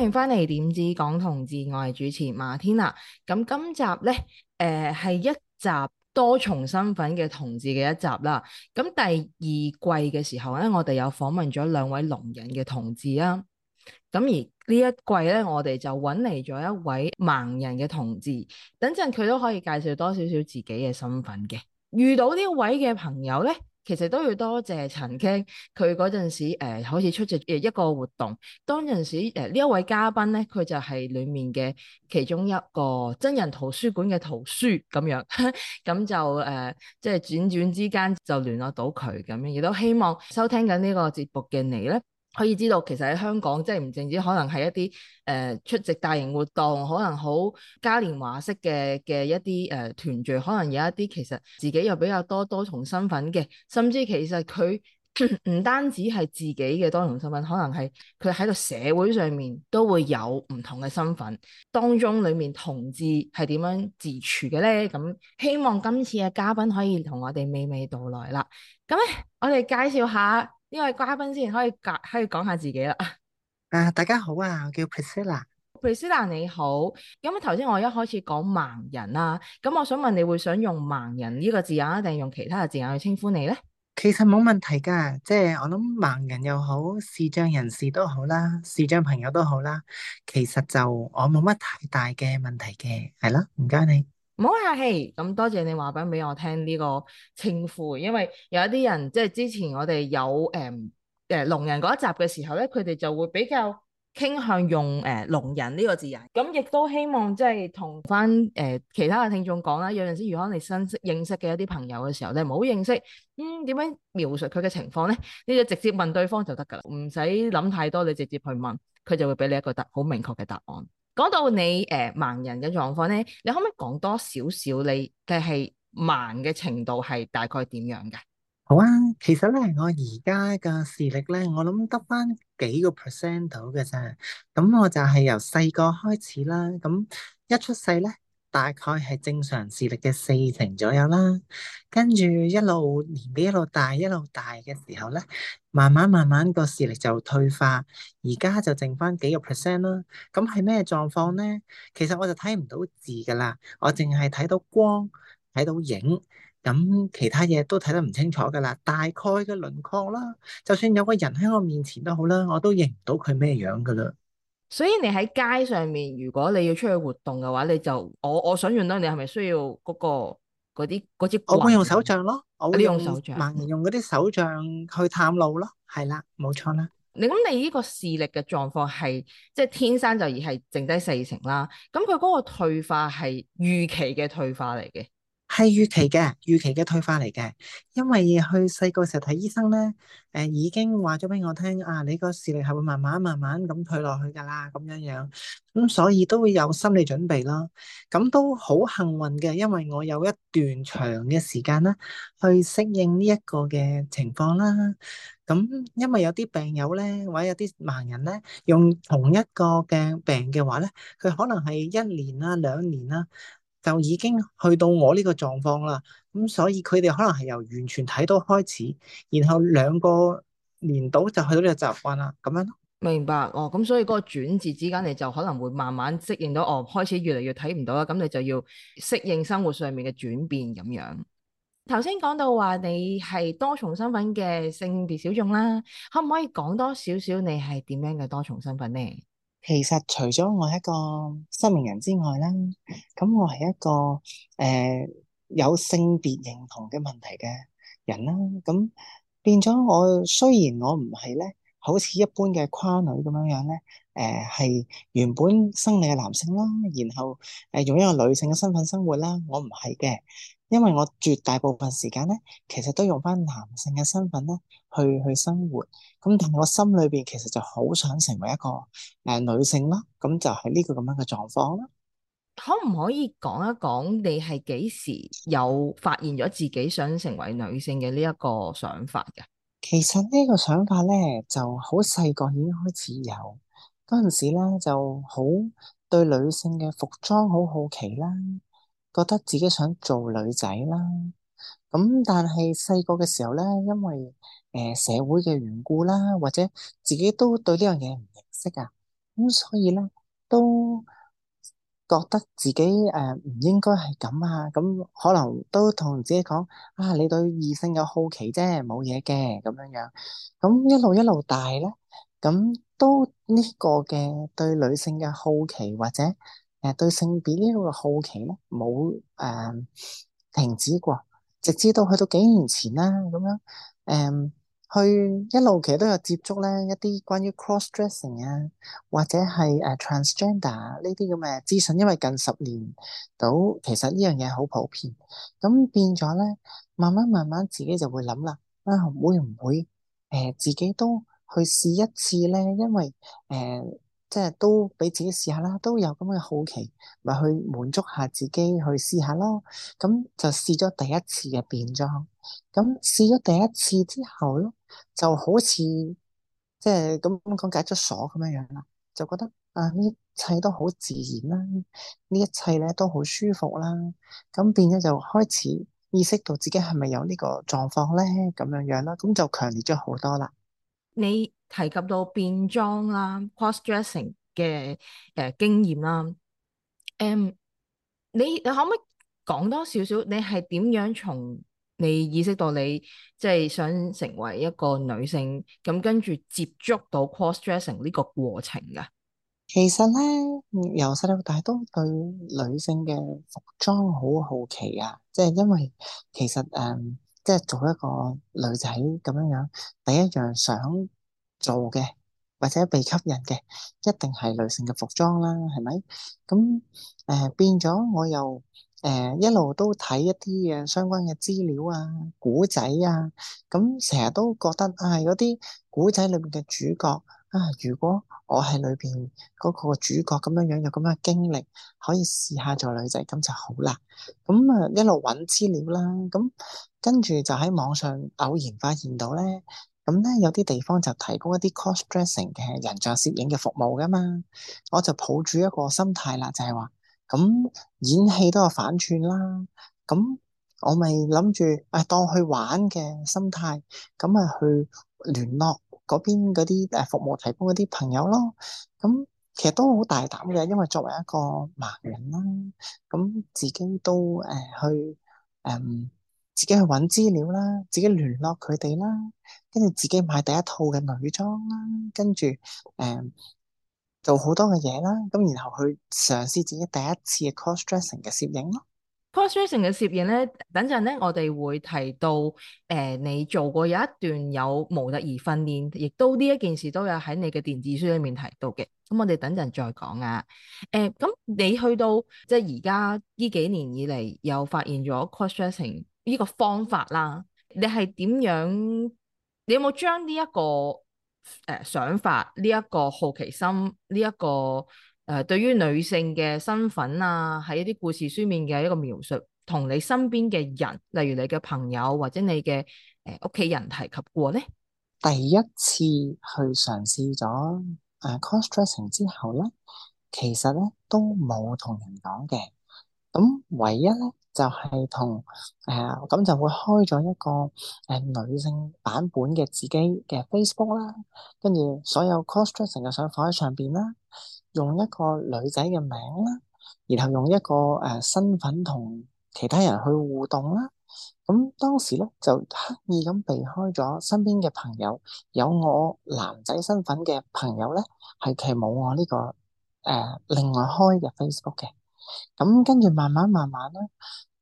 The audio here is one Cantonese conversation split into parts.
歡迎翻嚟《點子講同志》，我係主持馬天娜。咁今集咧，誒、呃、係一集多重身份嘅同志嘅一集啦。咁第二季嘅時候咧，我哋又訪問咗兩位聾人嘅同志啊。咁而呢一季咧，我哋就搵嚟咗一位盲人嘅同志。等陣佢都可以介紹多少少自己嘅身份嘅。遇到呢位嘅朋友咧。其實都要多謝陳傾，佢嗰陣時誒好似出席誒一個活動，當陣時誒呢一位嘉賓咧，佢就係裡面嘅其中一個真人圖書館嘅圖書咁樣，咁就誒即係轉轉之間就聯絡到佢咁樣，亦都希望收聽緊呢個節目嘅你咧。可以知道，其實喺香港，即係唔淨止可能係一啲誒、呃、出席大型活動，可能好嘉年華式嘅嘅一啲誒團聚，可能有一啲其實自己又比較多多重身份嘅，甚至其實佢唔、嗯、單止係自己嘅多重身份，可能係佢喺個社會上面都會有唔同嘅身份。當中裡面同志係點樣自處嘅咧？咁希望今次嘅嘉賓可以同我哋娓娓道來啦。咁咧，我哋介紹下。呢位嘉賓先可以介可以講下自己啦。啊，大家好啊，我叫 Priscilla。Priscilla 你好。咁啊，頭先我一開始講盲人啦，啊，咁我想問你會想用盲人呢個字眼，定係用其他嘅字眼去稱呼你咧？其實冇問題噶，即係我諗盲人又好，視障人士都好啦，視障朋友都好啦。其實就我冇乜太大嘅問題嘅，係咯，唔該你。唔好客氣，咁多謝你話翻俾我聽呢個稱呼，因為有一啲人即係之前我哋有誒誒、呃呃、聾人嗰一集嘅時候咧，佢哋就會比較傾向用誒、呃、聾人呢個字眼。咁亦都希望即係同翻誒其他嘅聽眾講啦，有陣時如果你新識認識嘅一啲朋友嘅時候，你唔好認識，嗯，點樣描述佢嘅情況咧？你就直接問對方就得㗎啦，唔使諗太多，你直接去問，佢就會俾你一個答好明確嘅答案。講到你誒盲人嘅狀況咧，你可唔可以講多少少你嘅係盲嘅程度係大概點樣㗎？好啊，其實咧，我而家嘅視力咧，我諗得翻幾個 percent 到嘅啫。咁我就係由細個開始啦。咁一出世咧，大概係正常視力嘅四成左右啦，跟住一路年紀一路大，一路大嘅時候咧，慢慢慢慢個視力就退化，而家就剩翻幾個 percent 啦。咁係咩狀況咧？其實我就睇唔到字噶啦，我淨係睇到光，睇到影，咁其他嘢都睇得唔清楚噶啦。大概嘅輪廓啦，就算有個人喺我面前都好啦，我都認唔到佢咩樣噶啦。所以你喺街上面，如果你要出去活動嘅話，你就我我想用到你係咪需要嗰、嗰個嗰啲支？我會用手杖咯，我用，用手杖，盲人用嗰啲手杖去探路咯。係啦，冇錯啦。你咁你呢個視力嘅狀況係即係天生就而係剩低四成啦。咁佢嗰個退化係預期嘅退化嚟嘅。係預期嘅，預期嘅退化嚟嘅。因為去細個時候睇醫生咧，誒、呃、已經話咗俾我聽，啊，你個視力係會慢慢慢慢咁退落去㗎啦，咁樣樣。咁所以都會有心理準備咯。咁都好幸運嘅，因為我有一段長嘅時間啦，去適應呢一個嘅情況啦。咁因為有啲病友咧，或者有啲盲人咧，用同一個嘅病嘅話咧，佢可能係一年啊、兩年啊。就已經去到我呢個狀況啦，咁所以佢哋可能係由完全睇到開始，然後兩個年度就去到呢個習慣啦，咁樣。明白哦，咁所以嗰個轉折之間，你就可能會慢慢適應到，我、哦、開始越嚟越睇唔到啦，咁你就要適應生活上面嘅轉變咁樣。頭先講到話你係多重身份嘅性別小眾啦，可唔可以講多少少你係點樣嘅多重身份呢？其實除咗我係一個失明人之外啦，咁我係一個誒、呃、有性別認同嘅問題嘅人啦，咁變咗我雖然我唔係咧，好似一般嘅跨女咁樣樣咧，誒、呃、係原本生理嘅男性啦，然後誒用一個女性嘅身份生活啦，我唔係嘅。因為我絕大部分時間咧，其實都用翻男性嘅身份咧去去生活，咁但係我心裏邊其實就好想成為一個誒、呃、女性咯，咁就係呢、這個咁樣嘅狀況啦。可唔可以講一講你係幾時有發現咗自己想成為女性嘅呢一個想法嘅？其實呢個想法咧，就好細個已經開始有，嗰陣時咧就好對女性嘅服裝好好奇啦。覺得自己想做女仔啦，咁但係細個嘅時候咧，因為誒、呃、社會嘅緣故啦，或者自己都對呢樣嘢唔認識啊，咁、嗯、所以咧都覺得自己誒唔、呃、應該係咁啊，咁、嗯、可能都同自己講啊，你對異性嘅好奇啫，冇嘢嘅咁樣樣，咁、嗯、一路一路大咧，咁、嗯、都呢個嘅對女性嘅好奇或者。誒、呃、對性別呢個好奇咧，冇誒、呃、停止過，直至到去到幾年前啦。咁樣，誒、呃、去一路其實都有接觸咧一啲關於 cross dressing 啊，或者係誒 transgender 呢、啊、啲咁嘅資訊，這這因為近十年到其實呢樣嘢好普遍，咁變咗咧，慢慢慢慢自己就會諗啦，啊會唔會誒、呃、自己都去試一次咧？因為誒、呃即係都俾自己試下啦，都有咁嘅好奇，咪、就是、去滿足下自己去試下咯。咁、嗯、就試咗第一次嘅變裝，咁試咗第一次之後咯，就好似即係咁講解咗鎖咁樣樣啦，就覺得啊，呢一切都好自然啦，呢一切咧都好舒服啦。咁、嗯、變咗就開始意識到自己係咪有個狀況，呢個狀況咧，咁樣樣啦，咁、嗯、就強烈咗好多啦。你提及到變裝啦，cross dressing 嘅誒、呃、經驗啦，誒、嗯，你你可唔可以講多少少？你係點樣從你意識到你即係、就是、想成為一個女性，咁跟住接觸到 cross dressing 呢個過程嘅？其實咧，由細到大都對女性嘅服裝好好奇啊！即、就、係、是、因為其實誒，即、呃、係、就是、做一個女仔咁樣樣，第一樣想做嘅或者被吸引嘅，一定係女性嘅服裝啦，係咪？咁誒、呃、變咗，我又誒、呃、一路都睇一啲誒相關嘅資料啊、古仔啊，咁成日都覺得啊，啲古仔裏面嘅主角啊，如果我係裏邊嗰個主角咁樣樣，有咁嘅經歷，可以試下做女仔咁就好啦。咁啊一路搵資料啦，咁跟住就喺網上偶然發現到咧。咁咧、嗯、有啲地方就提供一啲 cos dressing 嘅人像攝影嘅服務㗎嘛，我就抱住一個心態啦，就係、是、話，咁、嗯、演戲都有反串啦，咁、嗯、我咪諗住誒當去玩嘅心態，咁、嗯、咪去聯絡嗰邊嗰啲誒服務提供嗰啲朋友咯，咁、嗯、其實都好大膽嘅，因為作為一個盲人啦，咁、嗯、自己都誒、呃、去誒。嗯自己去揾資料啦，自己聯絡佢哋啦，跟住自己買第一套嘅女裝啦，跟住誒做好多嘅嘢啦，咁然後去嘗試自己第一次嘅 cross dressing 嘅攝影咯。cross dressing 嘅攝影咧，等陣咧我哋會提到誒、呃、你做過有一段有模特兒訓練，亦都呢一件事都有喺你嘅電子書裏面提到嘅。咁我哋等陣再講啊。誒、呃，咁你去到即係而家呢幾年以嚟，又發現咗 cross dressing。呢個方法啦，你係點樣？你有冇將呢一個誒、呃、想法、呢、這、一個好奇心、呢、這、一個誒、呃、對於女性嘅身份啊，喺一啲故事書面嘅一個描述，同你身邊嘅人，例如你嘅朋友或者你嘅誒屋企人提及過咧？第一次去嘗試咗誒 cross dressing 之後咧，其實咧都冇同人講嘅。咁唯一咧就係同誒，咁就會開咗一個誒女性版本嘅自己嘅 Facebook 啦，啊，跟住所有 cosplay 成日想放喺上邊啦，用一個女仔嘅名啦，然後用一個誒、呃、身份同其他人去互動啦。咁，啊、當時咧就刻意咁避開咗身邊嘅朋友，有我男仔身份嘅朋友咧係佢冇我呢、這個誒、呃、另外開嘅 Facebook 嘅。咁跟住慢慢慢慢咧，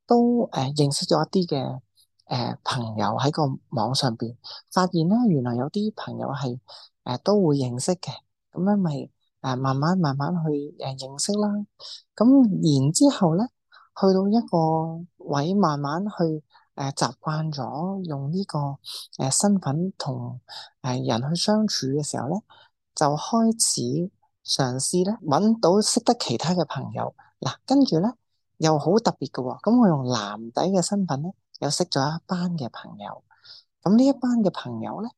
都誒、呃、認識咗一啲嘅誒朋友喺個網上邊，發現咧原來有啲朋友係誒、呃、都會認識嘅，咁樣咪誒慢慢慢慢去誒認識啦。咁、呃、然之後咧，去到一個位，慢慢去誒習慣咗用呢、這個誒、呃、身份同誒人去相處嘅時候咧，就開始嘗試咧揾到識得其他嘅朋友。嗱，跟住咧又好特別嘅、哦，咁、嗯、我用男仔嘅身份咧，又識咗一班嘅朋友。咁、嗯、呢一班嘅朋友咧，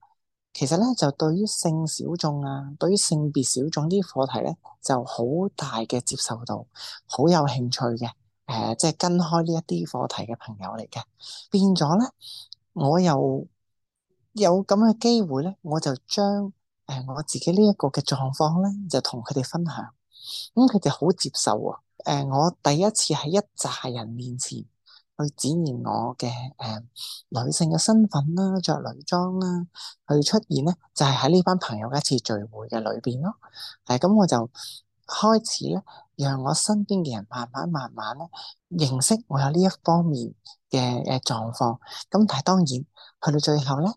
其實咧就對於性小眾啊，對於性別小眾啲課題咧，就好大嘅接受度，好有興趣嘅。誒、呃，即係跟開呢一啲課題嘅朋友嚟嘅，變咗咧，我又有咁嘅機會咧，我就將誒、呃、我自己呢一個嘅狀況咧，就同佢哋分享。咁佢哋好接受啊、哦！誒，我第一次喺一紮人面前去展現我嘅、誒、呃、女性嘅身份啦，着女裝啦，去出現咧，就係喺呢班朋友嘅一次聚會嘅裏邊咯。誒、嗯，咁我就開始咧，讓我身邊嘅人慢慢慢慢咧，認識我有呢一方面嘅誒狀況。咁、嗯、但係當然去到最後咧，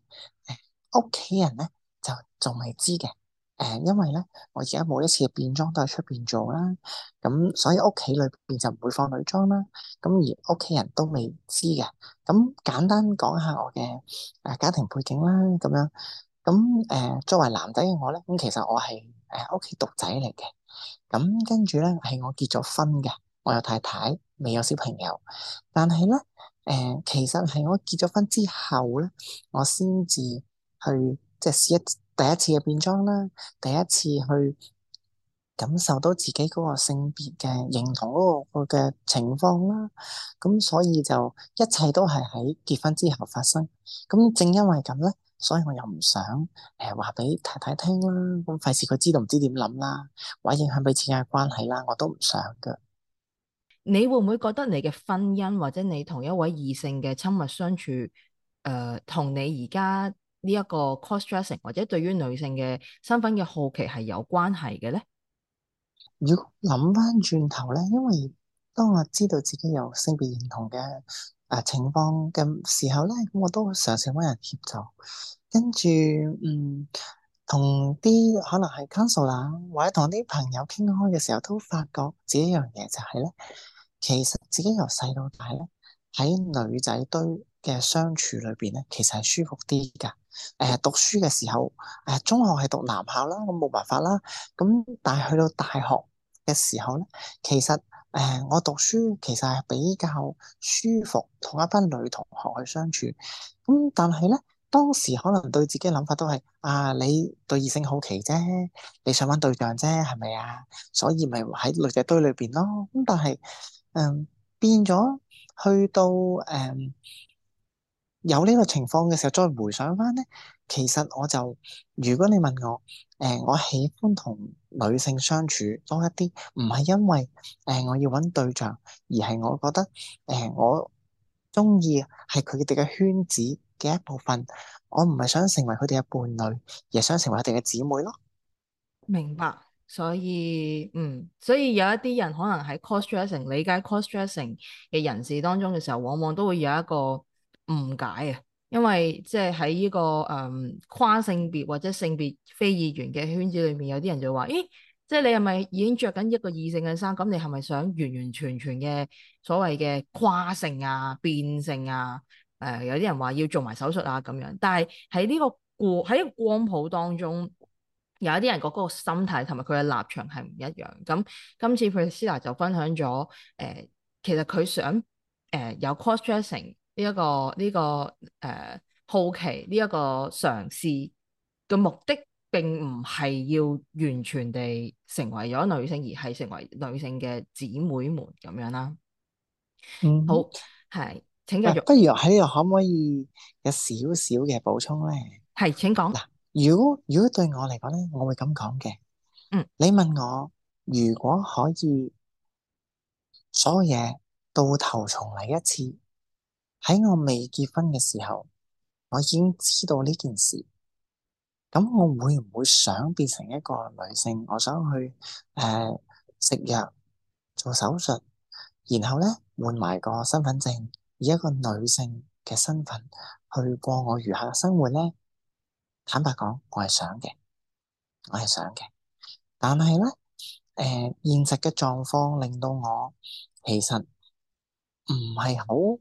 誒屋企人咧就仲未知嘅。誒，因為咧，我而家每一次嘅變裝都喺出邊做啦，咁所以屋企裏邊就唔會放女裝啦，咁而屋企人都未知嘅，咁簡單講下我嘅誒家庭背景啦，咁樣，咁、呃、誒作為男仔嘅我咧，咁其實我係誒屋企獨仔嚟嘅，咁跟住咧係我結咗婚嘅，我有太太，未有小朋友，但係咧誒其實係我結咗婚之後咧，我先至去。即係試一第一次嘅變裝啦，第一次去感受到自己嗰個性別嘅認同嗰個嘅情況啦。咁所以就一切都係喺結婚之後發生。咁正因為咁咧，所以我又唔想誒話俾太太聽啦。咁費事佢知道唔知點諗啦，或者影響俾自己嘅關係啦，我都唔想噶。你會唔會覺得你嘅婚姻或者你同一位異性嘅親密相處誒，同、呃、你而家？呢一個 cross dressing 或者對於女性嘅身份嘅好奇係有關係嘅咧。如果諗翻轉頭咧，因為當我知道自己有性別認同嘅啊情況嘅時候咧，咁我都嘗試搵人協助，嗯、跟住嗯同啲可能係 counselor 或者同啲朋友傾開嘅時候，都發覺自己一樣嘢就係、是、咧，其實自己由細到大咧喺女仔堆嘅相處裏邊咧，其實係舒服啲㗎。誒，讀書嘅時候，誒、呃，中學係讀男校啦，我冇辦法啦。咁但係去到大學嘅時候咧，其實誒、呃，我讀書其實係比較舒服，同一班女同學去相處。咁但係咧，當時可能對自己諗法都係，啊，你對異性好奇啫，你想揾對象啫，係咪啊？所以咪喺女仔堆裏邊咯。咁但係，嗯、呃，變咗去到誒。呃有呢個情況嘅時候，再回想翻咧，其實我就如果你問我，誒、呃，我喜歡同女性相處多一啲，唔係因為誒、呃、我要搵對象，而係我覺得誒、呃、我中意係佢哋嘅圈子嘅一部分。我唔係想成為佢哋嘅伴侶，而係想成為佢哋嘅姊妹咯。明白，所以嗯，所以有一啲人可能喺 cross dressing 理解 cross dressing 嘅人士當中嘅時候，往往都會有一個誤解啊，因為即係喺呢個誒、嗯、跨性別或者性別非二元嘅圈子裏面，有啲人就話，咦，即係你係咪已經着緊一個異性嘅衫？咁你係咪想完完全全嘅所謂嘅跨性啊、變性啊？誒、呃，有啲人話要做埋手術啊咁樣。但係喺呢個過喺光譜當中，有一啲人覺得嗰個心態同埋佢嘅立場係唔一樣。咁今次 Priscilla 就分享咗誒、呃，其實佢想誒、呃、有 cross dressing。呢一個呢個誒好奇，呢一個嘗試嘅目的，並唔係要完全地成為咗女性，而係成為女性嘅姊妹們咁樣啦。嗯，好，係，請繼續。不如喺度可唔可以有少少嘅補充咧？係，請講。嗱，如果如果對我嚟講咧，我會咁講嘅。嗯，你問我如果可以，所有嘢到頭重嚟一次。喺我未結婚嘅時候，我已經知道呢件事。咁我會唔會想變成一個女性？我想去誒、呃、食藥做手術，然後咧換埋個身份證，以一個女性嘅身份去過我餘下嘅生活咧？坦白講，我係想嘅，我係想嘅。但係咧，誒、呃、現實嘅狀況令到我其實唔係好。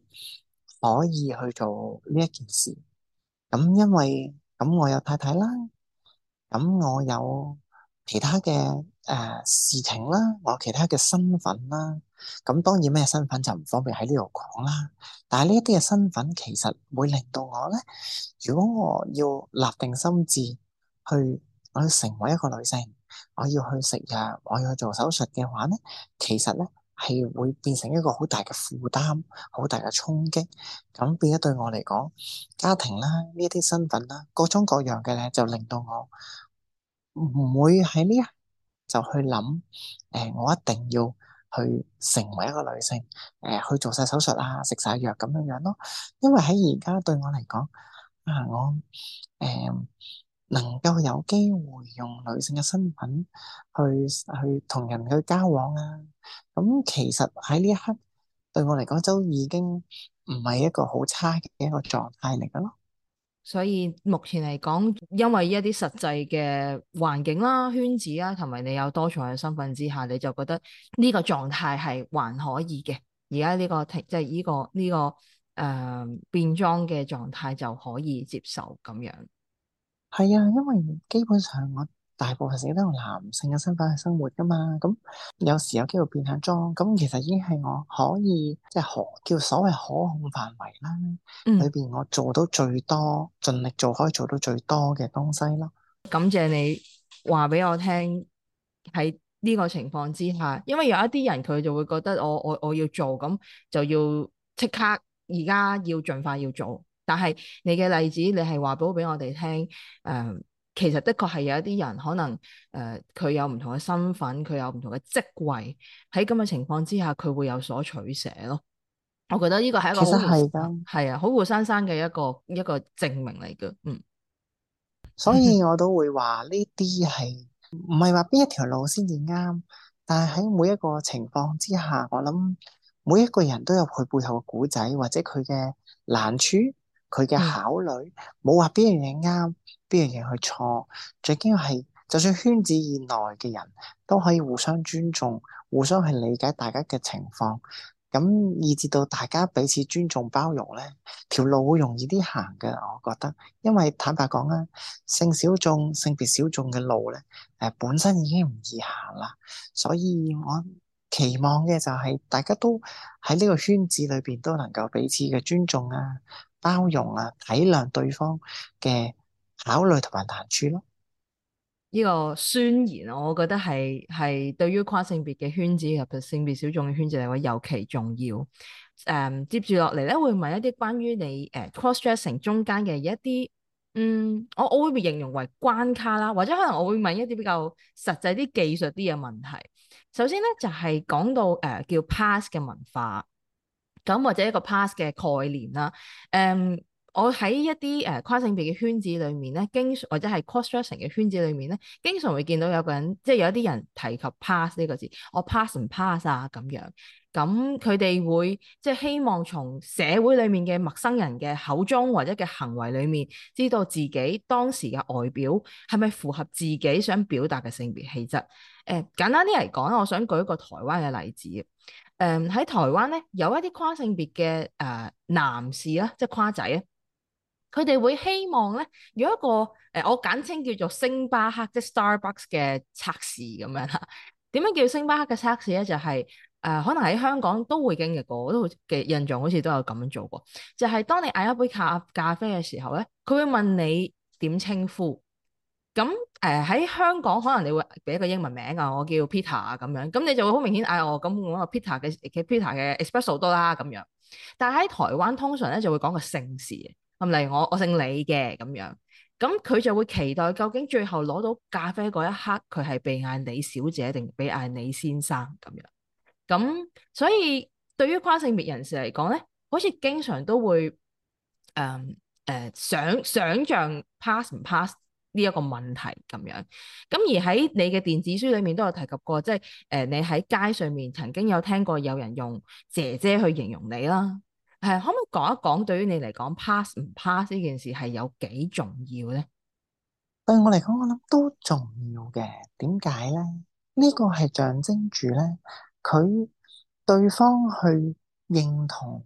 可以去做呢一件事，咁因為咁我有太太啦，咁我有其他嘅誒、呃、事情啦，我有其他嘅身份啦，咁當然咩身份就唔方便喺呢度講啦。但係呢一啲嘅身份其實會令到我咧，如果我要立定心志去我要成為一個女性，我要去食藥，我要去做手術嘅話咧，其實咧。係會變成一個好大嘅負擔，好大嘅衝擊。咁變咗對我嚟講，家庭啦，呢一啲身份啦，各種各樣嘅咧，就令到我唔會喺呢一就去諗誒、呃，我一定要去成為一個女性誒、呃，去做晒手術啊，食晒藥咁樣樣咯。因為喺而家對我嚟講啊，我誒。呃能夠有機會用女性嘅身份去去同人去交往啊！咁其實喺呢一刻對我嚟講都已經唔係一個好差嘅一個狀態嚟噶咯。所以目前嚟講，因為一啲實際嘅環境啦、圈子啊，同埋你有多重嘅身份之下，你就覺得呢個狀態係還可以嘅。而家呢個即係呢個呢、呢個誒、呃、變裝嘅狀態就可以接受咁樣。係啊，因為基本上我大部分時都用男性嘅身份去生活噶嘛，咁有時候有機會變下裝，咁其實已經係我可以即係可叫所謂可控範圍啦，裏邊我做到最多，盡力做可以做到最多嘅東西咯。感謝你話俾我聽喺呢個情況之下，因為有一啲人佢就會覺得我我我要做，咁就要即刻而家要盡快要做。但係你嘅例子你，你係話俾我哋聽，誒，其實的確係有一啲人可能，誒、呃，佢有唔同嘅身份，佢有唔同嘅職位，喺咁嘅情況之下，佢會有所取捨咯。我覺得呢個係一、啊、一個，其實係係啊，好活生生嘅一個一個證明嚟嘅，嗯。所以我都會話呢啲係唔係話邊一條路先至啱，但係喺每一個情況之下，我諗每一個人都有佢背後嘅古仔或者佢嘅難處。佢嘅考慮冇話邊樣嘢啱，邊樣嘢去錯，最緊要係就算圈子以內嘅人都可以互相尊重，互相去理解大家嘅情況，咁以至到大家彼此尊重包容咧，條路好容易啲行嘅，我覺得。因為坦白講啦，性小眾、性別小眾嘅路咧，誒，本身已經唔易行啦，所以我期望嘅就係大家都喺呢個圈子裏邊都能夠彼此嘅尊重啊～包容啊，體諒對方嘅考慮同埋難處咯。呢個宣言，我覺得係係對於跨性別嘅圈子入邊性別小眾嘅圈子嚟講，尤其重要。誒、um，接住落嚟咧，會問一啲關於你誒、uh, cross dressing 中間嘅一啲，嗯，我我會形容為關卡啦，或者可能我會問一啲比較實際啲、技術啲嘅問題。首先咧，就係、是、講到誒、uh, 叫 pass 嘅文化。咁或者一個 pass 嘅概念啦，誒、嗯，我喺一啲誒跨性別嘅圈子裏面咧，經或者係 cross dressing 嘅圈子裏面咧，經常會見到有個人，即係有一啲人提及 pass 呢個字，我 pass 唔 pass 啊咁樣。咁佢哋會即係、就是、希望從社會裡面嘅陌生人嘅口中或者嘅行為裡面，知道自己當時嘅外表係咪符合自己想表達嘅性別氣質。誒、呃，簡單啲嚟講，我想舉一個台灣嘅例子啊。喺、呃、台灣咧，有一啲跨性別嘅誒、呃、男士啊，即係跨仔啊，佢哋會希望咧有一個誒、呃，我簡稱叫做星巴克即係、就是、Starbucks 嘅測試咁樣啦。點 樣叫星巴克嘅測試咧？就係、是誒、呃，可能喺香港都會經歷過，我都嘅印象好似都有咁樣做過。就係、是、當你嗌一杯咖咖啡嘅時候咧，佢會問你點稱呼。咁誒喺香港，可能你會俾一個英文名啊，我叫 Peter 啊咁樣，咁你就會好明顯嗌我咁我 Peter 嘅 Peter 嘅 Espresso 多啦咁樣。但喺台灣通常咧就會講個姓氏，咁例如我我姓李嘅咁樣，咁佢就會期待究竟最後攞到咖啡嗰一刻，佢係被嗌李小姐定俾嗌李先生咁樣。咁、嗯、所以，對於跨性別人士嚟講咧，好似經常都會誒誒、嗯呃、想想像 pass 唔 pass 呢一個問題咁樣。咁而喺你嘅電子書裏面都有提及過，即係誒、呃、你喺街上面曾經有聽過有人用姐姐去形容你啦。係、嗯、可唔可以講一講對於你嚟講 pass 唔 pass 呢件事係有幾重要咧？對我嚟講，我諗都重要嘅。點解咧？呢、這個係象徵住咧。佢對方去認同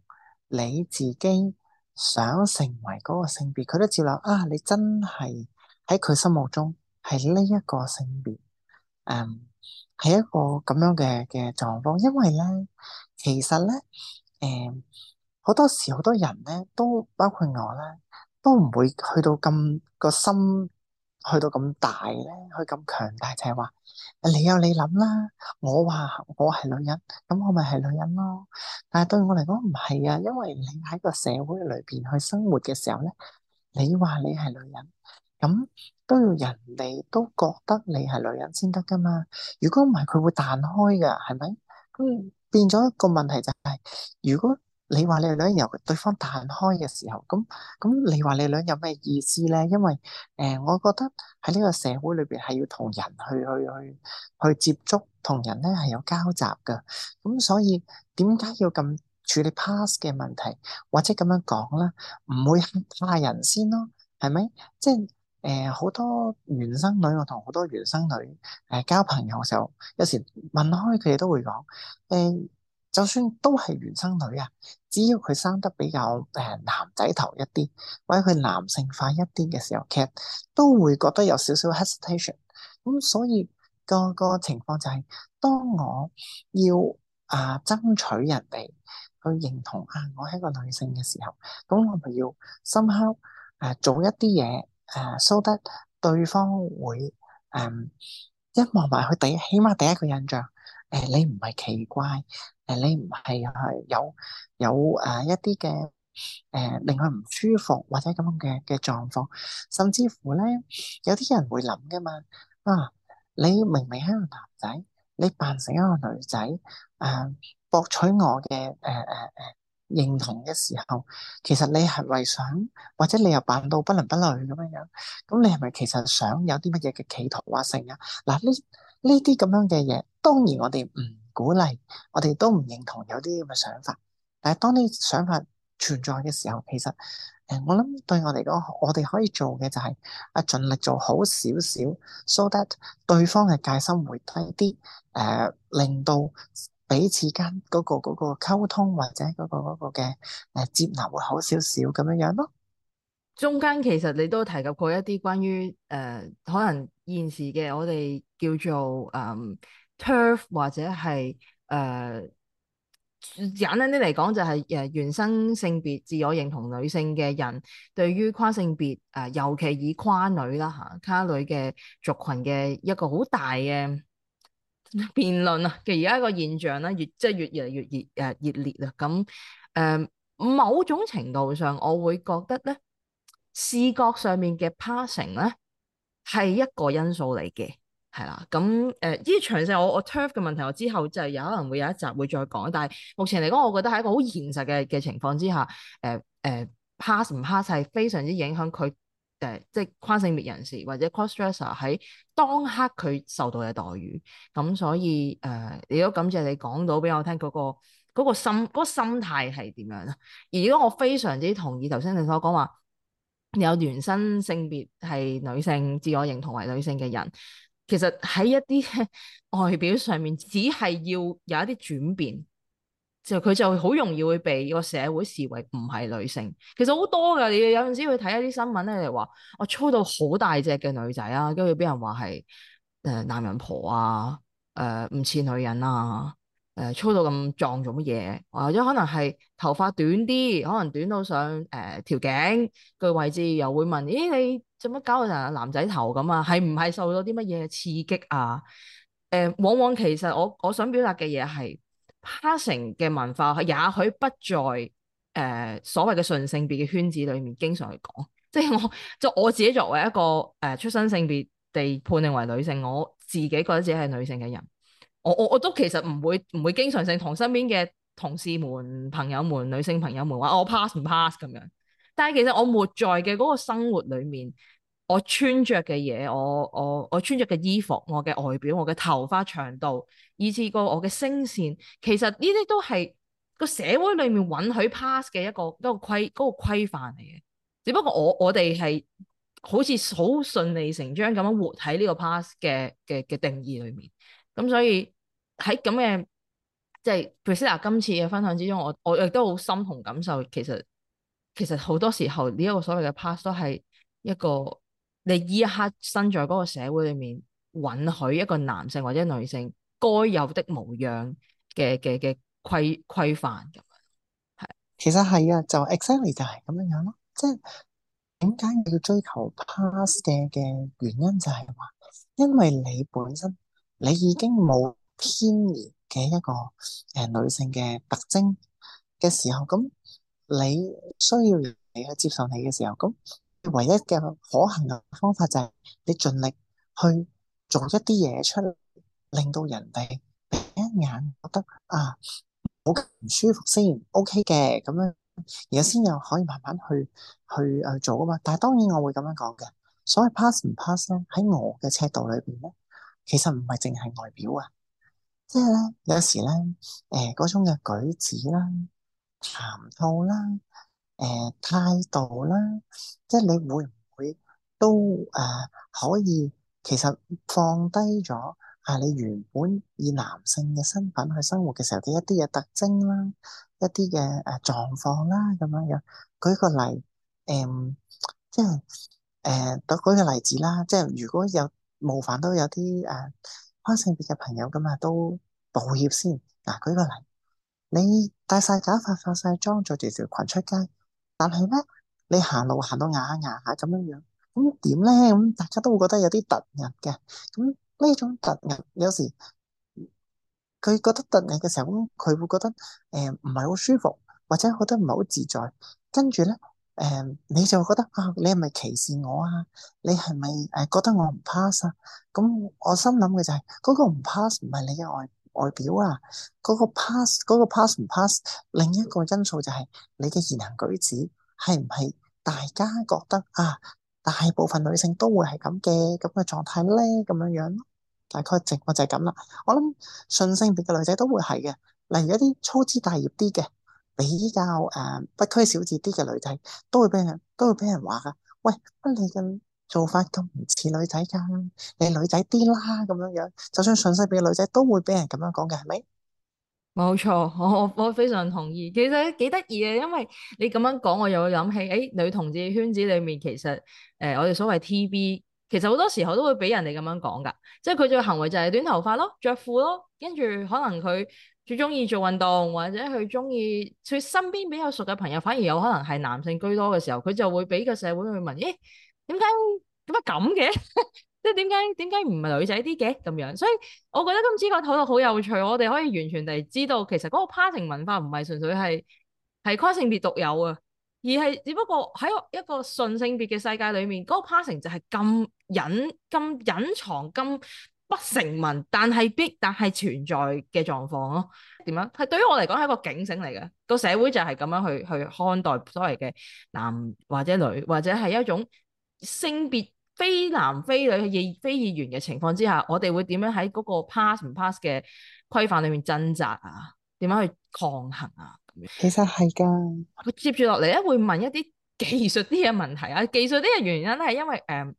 你自己想成為嗰個性別，佢都照諗啊！你真係喺佢心目中係呢一個性別，誒、嗯、係一個咁樣嘅嘅狀況。因為咧，其實咧，誒、嗯、好多時好多人咧，都包括我咧，都唔會去到咁個心。去到咁大咧，去咁強大就係話你有你諗啦。我話我係女人，咁我咪係女人咯。但係對我嚟講唔係啊，因為你喺個社會裏邊去生活嘅時候咧，你話你係女人咁都要人哋都覺得你係女人先得噶嘛。如果唔係，佢會彈開噶，係咪咁？變咗一個問題就係如果。你話你兩由對方彈開嘅時候，咁咁你話你兩有咩意思咧？因為誒、呃，我覺得喺呢個社會裏邊係要同人去去去去接觸，同人咧係有交集噶。咁所以點解要咁處理 pass 嘅問題，或者咁樣講咧？唔會嚇人先咯，係咪？即係誒，好、呃、多原生女我同好多原生女誒、呃、交朋友嘅時候，有時問開佢哋都會講誒。呃就算都係原生女啊，只要佢生得比較誒男仔頭一啲，或者佢男性化一啲嘅時候，其實都會覺得有少少 hesitation。咁、嗯、所以、個個、個個情況就係、係，當我要啊爭取人哋去認同啊，我係一個女性嘅時候，咁我咪要 somehow 誒做一啲嘢誒，so that 對方會誒、嗯、一望埋佢第，起碼第一個印象誒、啊，你唔係奇怪。誒你唔係係有有誒、啊、一啲嘅誒令佢唔舒服或者咁樣嘅嘅狀況，甚至乎咧有啲人會諗㗎嘛啊！你明明係個男仔，你扮成一個女仔誒、啊、博取我嘅誒誒誒認同嘅時候，其實你係為想或者你又扮到不倫不類咁樣樣，咁你係咪其實想有啲乜嘢嘅企圖啊成啊？嗱呢呢啲咁樣嘅嘢，當然我哋唔。嗯鼓勵我哋都唔認同有啲咁嘅想法，但係當啲想法存在嘅時候，其實誒，我諗對我嚟講，我哋可以做嘅就係啊，盡力做好少少，so that 對方嘅戒心會低啲，誒、呃，令到彼此間嗰、嗰個嗰、嗰個溝通或者嗰、嗰個嗰、嗰個嘅誒接納會好少少咁樣樣咯。中間其實你都提及過一啲關於誒、呃，可能現時嘅我哋叫做嗯。Turf 或者係誒，簡單啲嚟講就係、是、誒、呃、原生性別自我認同女性嘅人對於跨性別誒、呃、尤其以跨女啦吓，跨女嘅族群嘅一個好大嘅辯論啊，嘅而家一個現象咧，越即係越嚟越熱誒熱烈啊，咁誒，某種程度上我會覺得咧，視覺上面嘅 passing 咧係一個因素嚟嘅。係啦，咁誒呢啲詳細我我 turn 嘅問題，我之後就有可能會有一集會再講。但係目前嚟講，我覺得喺一個好現實嘅嘅情況之下，誒誒 pass 唔 pass 係非常之影響佢誒、呃，即係跨性別人士或者 cross dresser 喺當刻佢受到嘅待遇。咁所以誒，亦、呃、都感謝你講到俾我聽嗰、嗰個嗰個心嗰、嗰個心態係點樣啦。而如果我非常之同意頭先你所講話，有原生性別係女性、自我認同為女性嘅人。其實喺一啲外表上面，只係要有一啲轉變，就佢就好容易會被個社會視為唔係女性。其實好多噶，你有陣時去睇一啲新聞咧，就話我操到好大隻嘅女仔啊，跟住俾人話係誒男人婆啊，誒唔似女人啊。誒、呃、粗到咁壯做乜嘢？或者可能係頭髮短啲，可能短到上誒、呃、條頸嘅位置，又會問：咦、欸，你做乜搞到成男仔頭咁啊？係唔係受到啲乜嘢刺激啊？誒、呃，往往其實我我想表達嘅嘢係 passing 嘅文化也許不在誒、呃、所謂嘅順性別嘅圈子裡面經常去講。即係我作我自己作為一個誒、呃、出生性別地判定為女性，我自己覺得自己係女性嘅人。我我我都其實唔會唔會經常性同身邊嘅同事們、朋友們、女性朋友們話、啊、我 pass 唔 pass 咁樣。但係其實我活在嘅嗰個生活裏面，我穿著嘅嘢，我我我穿著嘅衣服，我嘅外表，我嘅頭髮長度，以至過我嘅聲線，其實呢啲都係個社會裏面允許 pass 嘅一個一個規嗰個規範嚟嘅。只不過我我哋係好似好順理成章咁樣活喺呢個 pass 嘅嘅嘅定義裏面，咁所以。喺咁嘅即係 Priscilla 今次嘅分享之中，我我亦都好深同感受，其實其實好多時候呢一、這個所謂嘅 pass 都係一個你依一刻身在嗰個社會裏面，允許一個男性或者女性該有的模樣嘅嘅嘅規規範咁樣，係。其實係啊，就 exactly 就係咁樣樣、啊、咯。即係點解要追求 pass 嘅嘅原因就係話，因為你本身你已經冇。天然嘅一個誒女性嘅特徵嘅時候，咁你需要人去接受你嘅時候，咁唯一嘅可行嘅方法就係你盡力去做一啲嘢出嚟，令到人哋第一眼覺得啊好唔舒服先，OK 嘅咁樣，而家先又可以慢慢去去誒做啊嘛。但係當然我會咁樣講嘅，所謂 pass 唔 pass 咧，喺我嘅尺度裏邊咧，其實唔係淨係外表啊。即係咧，有時咧，誒，嗰種嘅舉止啦、談吐啦、誒態度啦，即係你會唔會都誒可以，其實放低咗係你原本以男性嘅身份去生活嘅時候嘅一啲嘅特徵啦、一啲嘅誒狀況啦咁樣樣。舉個例，誒，即係誒，舉個例子啦，即係如果有冒犯都有啲誒。跨性別嘅朋友咁啊，都道歉先。嗱、啊，舉個例，你戴晒假髮、化晒妝、着住條裙出街，但係咧，你行路行到牙下牙下咁樣樣，咁點咧？咁大家都會覺得有啲突兀嘅。咁、嗯、呢種突兀，有時佢覺得突兀嘅時候，佢會覺得誒唔係好舒服，或者覺得唔係好自在，跟住咧。誒、嗯，你就覺得啊，你係咪歧視我啊？你係咪誒覺得我唔 pass 啊？咁我心諗嘅就係、是，嗰、那個唔 pass 唔係你嘅外外表啊，嗰、那個 pass 個 pass 唔 pass，另一個因素就係、是、你嘅言行舉止係唔係大家覺得啊，大部分女性都會係咁嘅咁嘅狀態咧，咁樣樣咯，大概直我就係咁啦。我諗順性別嘅女仔都會係嘅，例如一啲粗枝大葉啲嘅。比較誒不拘小節啲嘅女仔，都會俾人，都會俾人話㗎。喂，乜你嘅做法咁唔似女仔㗎？你女仔啲啦咁樣樣。就算純粹俾女仔，都會俾人咁樣講嘅，係咪？冇錯，我我非常同意。其實幾得意嘅，因為你咁樣講，我又會諗起，誒、哎、女同志圈子裡面其實誒、呃、我哋所謂 TB，其實好多時候都會俾人哋咁樣講㗎。即係佢做嘅行為就係短頭髮咯，着褲咯，跟住可能佢，最中意做運動，或者佢中意佢身邊比較熟嘅朋友，反而有可能係男性居多嘅時候，佢就會俾個社會去問：咦、欸，點解咁啊咁嘅？即係點解點解唔係女仔啲嘅咁樣？所以我覺得今次個討論好有趣，我哋可以完全地知道，其實嗰個 passing 文化唔係純粹係係跨性別獨有啊，而係只不過喺一個順性別嘅世界裏面，嗰、那個 passing 就係咁隱咁隱藏咁。不成文，但係必但係存在嘅狀況咯。點樣？係對於我嚟講係一個警醒嚟嘅。個社會就係咁樣去去看待所謂嘅男或者女，或者係一種性別非男非女亦非二元嘅情況之下，我哋會點樣喺嗰個 pass 唔 pass 嘅規範裏面掙扎啊？點樣去抗衡啊？咁樣其實係㗎。接住落嚟咧，會問一啲技術啲嘅問題啊。技術啲嘅原因係因為誒。嗯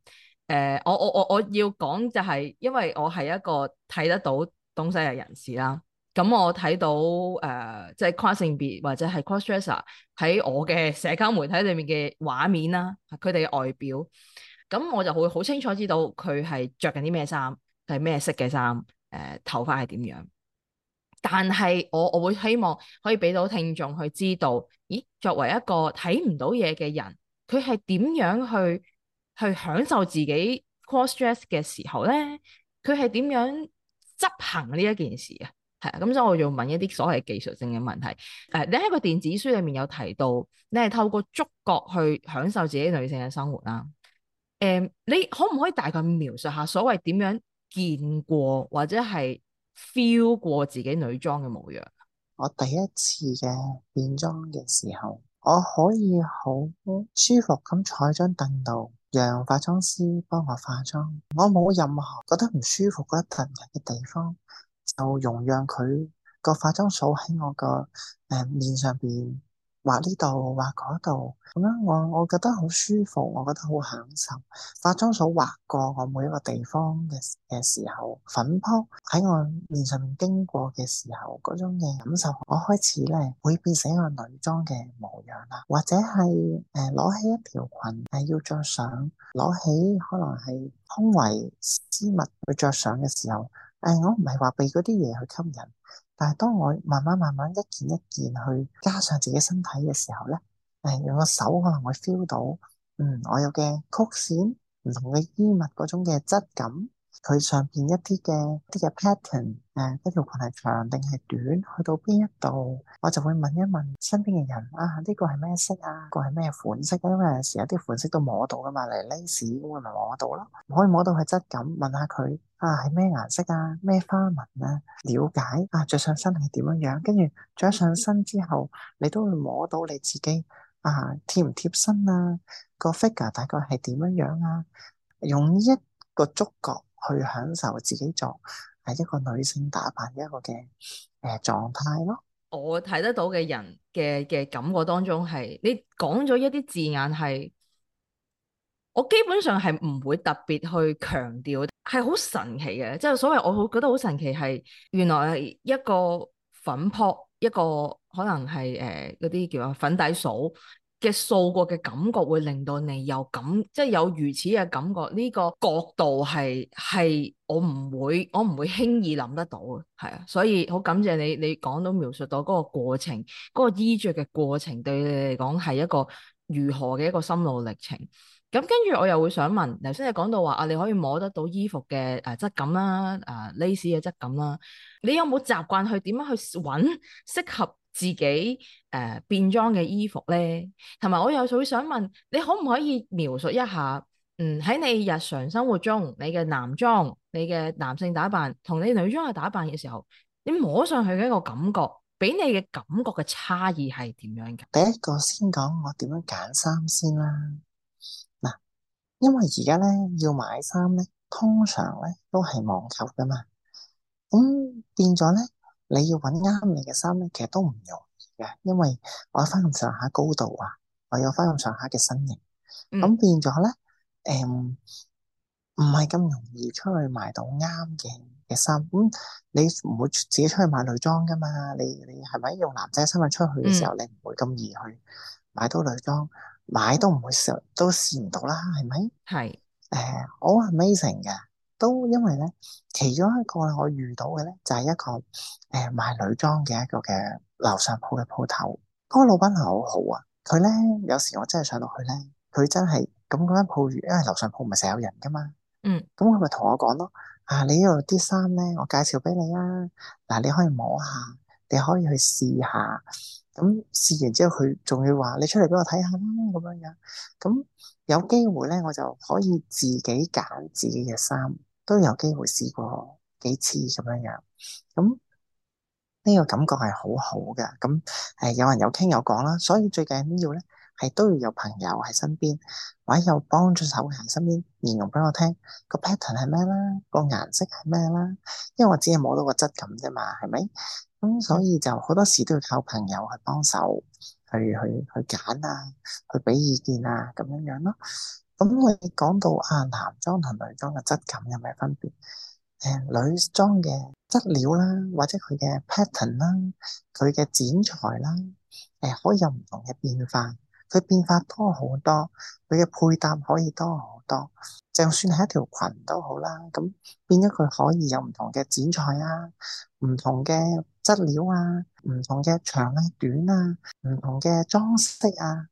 誒、呃，我我我我要講就係，因為我係一個睇得到東西嘅人士啦。咁我睇到誒，即係跨性別或者係 cross dresser 喺我嘅社交媒體裏面嘅畫面啦，佢哋嘅外表，咁我就會好清楚知道佢係着緊啲咩衫，係咩色嘅衫，誒、呃、頭髮係點樣。但係我我會希望可以俾到聽眾去知道，咦，作為一個睇唔到嘢嘅人，佢係點樣去？去享受自己 cross dress 嘅時候咧，佢係點樣執行呢一件事啊？係啊，咁所以我就問一啲所謂技術性嘅問題。誒、呃，你喺個電子書裡面有提到，你係透過觸覺去享受自己女性嘅生活啦。誒、呃，你可唔可以大概描述下所謂點樣見過或者係 feel 過自己女裝嘅模樣？我第一次嘅變裝嘅時候，我可以好舒服咁坐喺張凳度。讓化妝師幫我化妝，我冇任何覺得唔舒服、覺得突兀嘅地方，就容讓佢個化妝掃喺我個面上邊。畫呢度，畫嗰度，咁樣我我覺得好舒服，我覺得好享受。化妝掃畫過我每一個地方嘅嘅時候，粉撲喺我面上面經過嘅時候，嗰種嘅感受，我開始咧會變成一個女裝嘅模樣啦。或者係誒攞起一條裙誒、呃、要着上，攞起可能係胸圍絲襪去着上嘅時候，誒、呃、我唔係話畀嗰啲嘢去吸引。但係當我慢慢慢慢一件一件去加上自己身體嘅時候咧，誒用個手可能會 feel 到，嗯我有嘅曲線，唔同嘅衣物嗰種嘅質感，佢上邊一啲嘅一啲嘅 pattern，誒一條、啊這個、裙係長定係短，去到邊一度，我就會問一問身邊嘅人啊，呢、呢個係咩色啊，嗰個係咩款式啊，因為有時有啲款式都摸到噶嘛，例如 lace 咁，我咪摸到啦，可以摸到係質感，問下佢。啊，係咩顏色啊？咩花紋啊？了解啊，着上身係點樣樣？跟住着上身之後，你都會摸到你自己啊，貼唔貼身啊？個 figure 大概係點樣樣啊？用呢一個觸覺去享受自己做係一個女性打扮一個嘅誒狀態咯。我睇得到嘅人嘅嘅感覺當中係，你講咗一啲字眼係。我基本上係唔會特別去強調，係好神奇嘅，即係所謂我會覺得好神奇係原來係一個粉撲，一個可能係誒嗰啲叫啊粉底掃嘅掃過嘅感覺，會令到你有感，即係有如此嘅感覺。呢個角度係係我唔會，我唔會輕易諗得到嘅，係啊。所以好感謝你，你講到描述到嗰個過程，嗰個衣着嘅過程對你嚟講係一個如何嘅一個心路歷程。咁跟住，我又會想問，頭先你講到話啊，你可以摸得到衣服嘅誒質感啦，誒 lace 嘅質感啦。你有冇習慣去點樣去揾適合自己誒、呃、變裝嘅衣服咧？同埋，我又會想問你可唔可以描述一下，嗯喺你日常生活中，你嘅男裝、你嘅男性打扮同你女裝嘅打扮嘅時候，你摸上去嘅一個感覺，俾你嘅感覺嘅差異係點樣嘅？第一個先講我點樣揀衫先啦。嗱，因為而家咧要買衫咧，通常咧都係網購噶嘛，咁、嗯、變咗咧，你要揾啱你嘅衫咧，其實都唔容易嘅，因為我翻咁上下高度啊，我有翻咁上下嘅身形，咁、嗯、變咗咧，誒、嗯，唔係咁容易出去買到啱嘅嘅衫，咁、嗯、你唔會自己出去買女裝噶嘛，你你係咪用男仔身份出去嘅時候，嗯、你唔會咁易去買到女裝。買都唔會試，都試唔到啦，係咪？係。誒， 我、呃 oh, amazing 嘅，都因為咧，其中一個我遇到嘅咧，就係一個誒、呃、賣女裝嘅一個嘅樓上鋪嘅鋪頭。嗰、那個老闆娘好好啊，佢咧有時我真係上落去咧，佢真係咁嗰間鋪，因為樓上鋪唔係成日有人噶嘛。嗯。咁佢咪同我講咯，啊，你呢度啲衫咧，我介紹俾你啊。嗱，你可以摸下，你可以去試下。咁試完之後，佢仲要話你出嚟俾我睇下啦，咁樣樣。咁有機會咧，我就可以自己揀自己嘅衫，都有機會試過幾次咁樣樣。咁呢個感覺係好好嘅。咁誒，有人有傾有講啦，所以最緊要咧係都要有朋友喺身邊，或者有幫住手嘅人喺身邊形容俾我聽，個 pattern 係咩啦，個顏色係咩啦，因為我只係摸到個質感啫嘛，係咪？咁、嗯、所以就好多時都要靠朋友去幫手，去去去揀啊，去俾意見啊，咁樣樣咯。咁我哋講到啊男裝同女裝嘅質感有咩分別？誒、呃，女裝嘅質料啦，或者佢嘅 pattern 啦，佢嘅剪裁啦，誒、呃，可以有唔同嘅變化。佢變化多好多，佢嘅配搭可以多好多。就算係一條裙都好啦，咁變咗佢可以有唔同嘅剪裁啊，唔同嘅質料啊，唔同嘅長啊短啊，唔同嘅裝飾啊。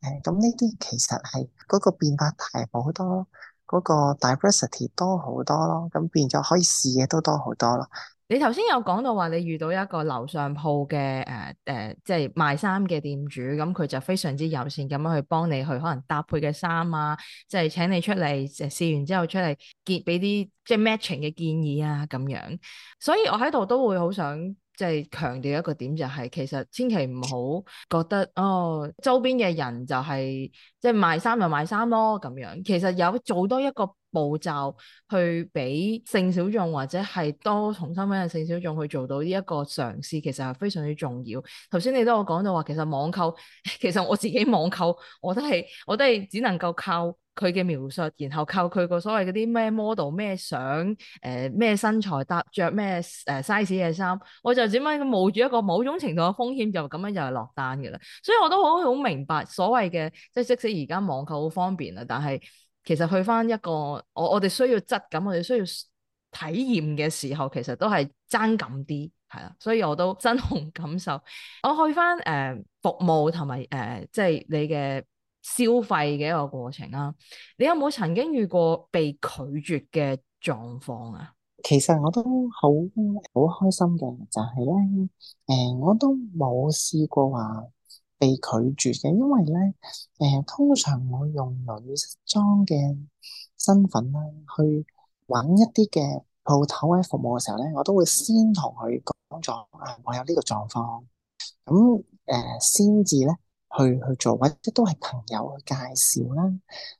誒，咁呢啲其實係嗰個變化大好多，嗰個 diversity 多好多咯。咁變咗可以試嘅都多好多咯。你頭先有講到話，你遇到一個樓上鋪嘅誒、誒，即係賣衫嘅店主，咁佢就非常之友善咁樣去幫你去可能搭配嘅衫啊，即係請你出嚟，誒試完之後出嚟，建俾啲即係 matching 嘅建議啊咁樣。所以我喺度都會好想即係強調一個點，就係其實千祈唔好覺得，哦，周邊嘅人就係即係賣衫就賣衫咯咁樣。其實有做多一個。步驟去俾性小眾或者係多重身份嘅性小眾去做到呢一個嘗試，其實係非常之重要。頭先你都有講到話，其實網購，其實我自己網購，我都係我都係只能夠靠佢嘅描述，然後靠佢個所謂嗰啲咩 model、咩相、誒、呃、咩身材搭着咩誒 size 嘅衫，我就只咪冒住一個某種程度嘅風險，就咁樣就係落單嘅啦。所以我都好好明白所謂嘅，即係即使而家網購好方便啦，但係。其實去返一個我我哋需要質感，我哋需要體驗嘅時候，其實都係爭感啲，係啦。所以我都真同感受。我去返誒、呃、服務同埋誒即係你嘅消費嘅一個過程啦。你有冇曾經遇過被拒絕嘅狀況啊？其實我都好好開心嘅、就係，就係咧誒，我都冇試過話。被拒絕嘅，因為咧誒、呃，通常我用女裝嘅身份啦，去揾一啲嘅鋪頭咧服務嘅時候咧，我都會先同佢講咗啊，我有呢個狀況，咁誒先至咧去去做或者都係朋友去介紹啦。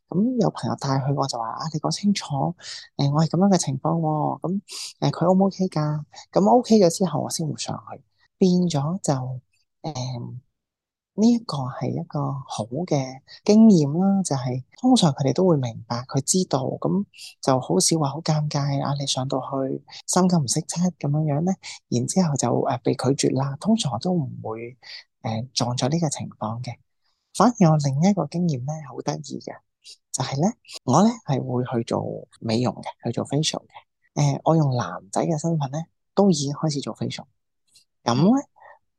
咁、嗯、有朋友帶佢，我就話啊，你講清楚，誒、呃，我係咁樣嘅情況喎、哦。咁、嗯、誒，佢 O 唔 O K 㗎？咁 O K 咗之後，我先會上去。變咗就誒。呃呢一個係一個好嘅經驗啦，就係、是、通常佢哋都會明白，佢知道，咁就好少話好尷尬啊，你上到去心急唔識七咁樣樣咧，然之後就誒被拒絕啦。通常都唔會誒、呃、撞咗呢個情況嘅。反而我另一個經驗咧，好得意嘅就係、是、咧，我咧係會去做美容嘅，去做 facial 嘅。誒、呃，我用男仔嘅身份咧，都已經開始做 facial。咁、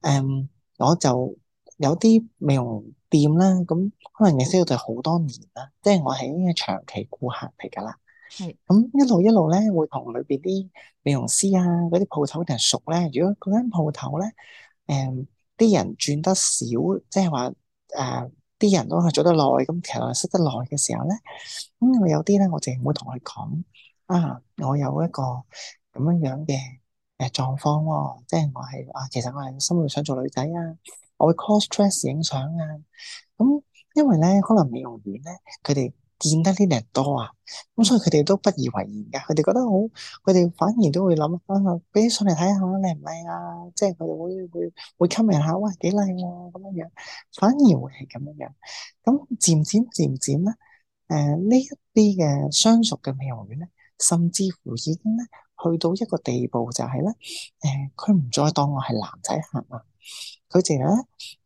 嗯、咧，誒我就～有啲美容店啦，咁可能認識我就好多年啦，即係我係長期顧客嚟噶啦。係咁、嗯、一路一路咧，會同裏邊啲美容師啊，嗰啲鋪頭同人熟咧。如果嗰間鋪頭咧，誒、嗯，啲人轉得少，即係話誒，啲、呃、人都係做得耐，咁其實我識得耐嘅時候咧，咁有啲咧，我淨係會同佢講，啊，我有一個咁樣樣嘅誒狀況，即係我係啊，其實我係心裏想做女仔啊。我會 cause stress 影相啊，咁因為咧，可能美容院咧佢哋見得呢啲人多啊，咁所以佢哋都不以為然噶佢哋覺得好，佢哋反而都會諗返啊，俾啲上嚟睇下靚唔靚啊，即係佢哋會會會吸引下，喂幾靚啊咁樣樣，反而會係咁樣樣，咁漸漸漸漸咧，誒、呃、呢一啲嘅相熟嘅美容院咧，甚至乎已經咧。去到一個地步就係、是、咧，誒、呃，佢唔再當我係男仔客啦，佢淨係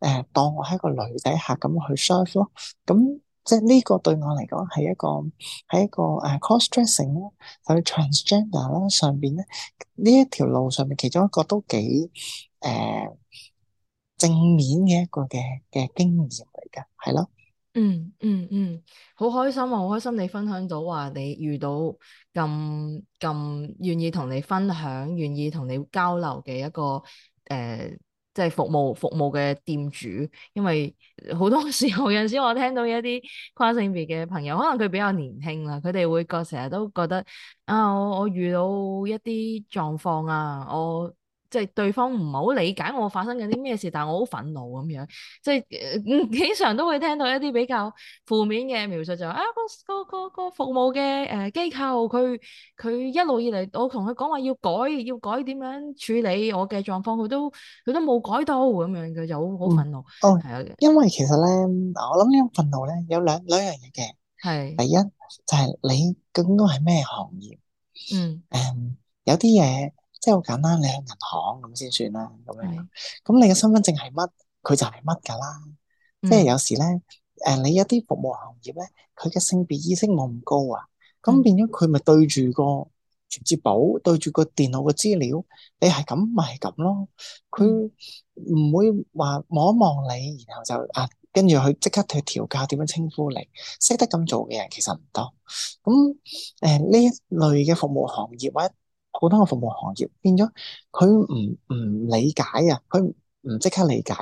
咧誒當我係一個女仔客咁去 serve 咯，咁、嗯、即係呢個對我嚟講係一個係一個誒、uh, cross dressing 啦，佢 transgender 啦上邊咧呢一條路上面其中一個都幾誒、呃、正面嘅一個嘅嘅經驗嚟嘅，係咯。嗯嗯嗯，好開心啊！好開心你分享到話你遇到咁咁願意同你分享、願意同你交流嘅一個誒、呃，即係服務服務嘅店主。因為好多時候有陣時我聽到一啲跨性別嘅朋友，可能佢比較年輕啦，佢哋會個成日都覺得啊，我我遇到一啲狀況啊，我。即係對方唔係好理解我發生緊啲咩事，但係我好憤怒咁樣。即係經、呃、常都會聽到一啲比較負面嘅描述，就話啊個個個服務嘅誒、呃、機構，佢佢一路以嚟，我同佢講話要改，要改點樣處理我嘅狀況，佢都佢都冇改到咁樣嘅，就好好憤怒。嗯、哦，的因為其實咧，嗱，我諗呢種憤怒咧，有兩兩樣嘢嘅。係是第一就係、是、你究竟該係咩行業？嗯誒，有啲嘢。 即係好簡單，你喺銀行咁先算啦，咁樣。咁你嘅身份證係乜，佢就係乜噶啦。即係有時咧，誒，你有啲服務行業咧，佢嘅性別意識冇咁高啊，咁變咗佢咪對住個存折簿，對住個電腦嘅資料，你係咁咪係咁咯。佢唔會話望一望你，然後就啊，跟住去即刻去調教點樣稱呼你，識得咁做嘅人其實唔多。咁誒，呢一類嘅服務行業咧。好多嘅服務行業變咗，佢唔唔理解啊，佢唔即刻理解，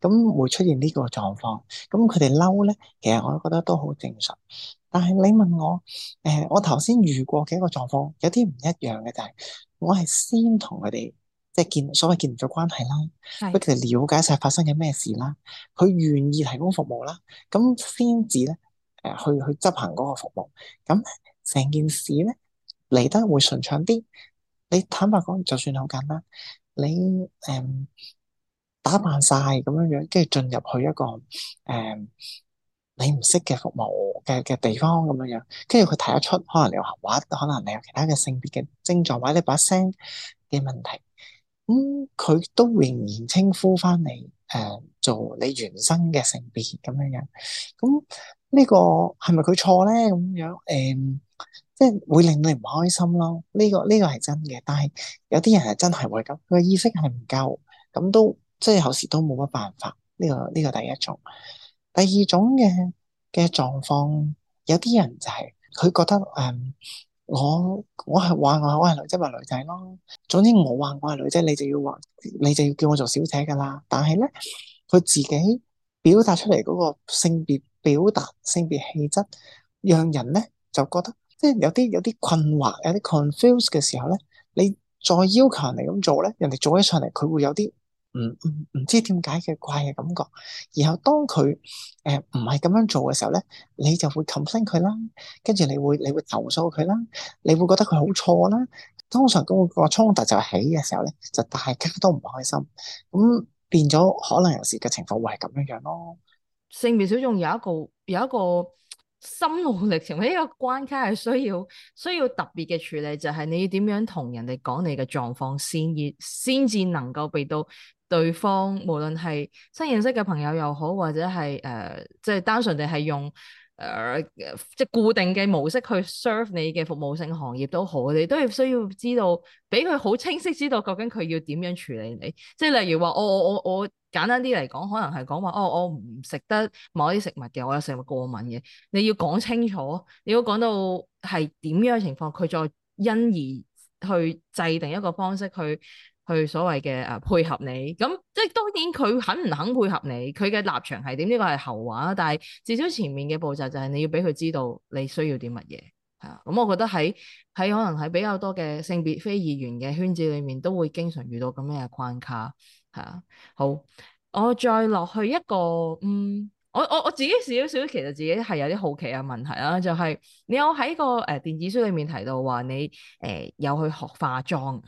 咁會出現呢個狀況。咁佢哋嬲咧，其實我都覺得都好正常。但係你問我，誒，我頭先遇過幾個狀況，有啲唔一樣嘅就係，我係先同佢哋即係建所謂建立咗關係啦，俾佢哋了解晒發生嘅咩事啦，佢願意提供服務啦，咁先至咧誒去去執行嗰個服務，咁成件事咧嚟得會順暢啲。你坦白講，就算好簡單，你誒、嗯、打扮晒咁樣樣，跟住進入去一個誒你唔識嘅服務嘅嘅地方咁樣樣，跟住佢睇得出，可能你話，或者可能你有其他嘅性別嘅症狀，或者你把聲嘅問題，咁、嗯、佢都仍然稱呼翻你誒、嗯、做你原生嘅性別咁樣樣，咁、這個、呢個係咪佢錯咧？咁樣誒？嗯即係會令你唔開心咯，呢、這個呢、這個係真嘅。但係有啲人係真係會咁，佢意識係唔夠，咁都即係有時都冇乜辦法。呢、這個呢、這個第一種，第二種嘅嘅狀況，有啲人就係佢覺得誒、嗯，我我係話我係女仔咪、就是、女仔咯，總之我話我係女仔，你就要話你就要叫我做小姐㗎啦。但係咧，佢自己表達出嚟嗰個性別表達、性別氣質，讓人咧就覺得。即係有啲有啲困惑，有啲 confused 嘅時候咧，你再要求人哋咁做咧，人哋做起上嚟，佢會有啲唔唔唔知點解嘅怪嘅感覺。然後當佢誒唔係咁樣做嘅時候咧，你就會 complain 佢啦，跟住你會你會投訴佢啦，你會覺得佢好錯啦。通常嗰個衝突就起嘅時候咧，就大家都唔開心，咁變咗可能有時嘅情況會係咁樣樣咯。性別小眾有一個有一個。心冇力呢個關卡係需要需要特別嘅處理，就係、是、你要點樣同人哋講你嘅狀況先至先至能夠俾到對方，無論係新認識嘅朋友又好，或者係誒即係單純地係用誒即係固定嘅模式去 serve 你嘅服務性行業都好，你都係需要知道，俾佢好清晰知道究竟佢要點樣處理你，即係例如話我我我。我我我簡單啲嚟講，可能係講話哦，我唔食得某啲食物嘅，我有食物過敏嘅。你要講清楚，你要講到係點樣嘅情況，佢再因而去制定一個方式去去所謂嘅誒配合你。咁即係當然佢肯唔肯配合你，佢嘅立場係點？呢個係後話啦，但係至少前面嘅步驟就係你要俾佢知道你需要啲乜嘢。係啊，咁我覺得喺喺可能喺比較多嘅性別非議員嘅圈子裡面，都會經常遇到咁樣嘅關卡。係、啊、好，我再落去一個，嗯，我我我自己少少，其實自己係有啲好奇嘅問題啦，就係、是、你有喺個誒電子書裏面提到話你誒有去學化妝啊，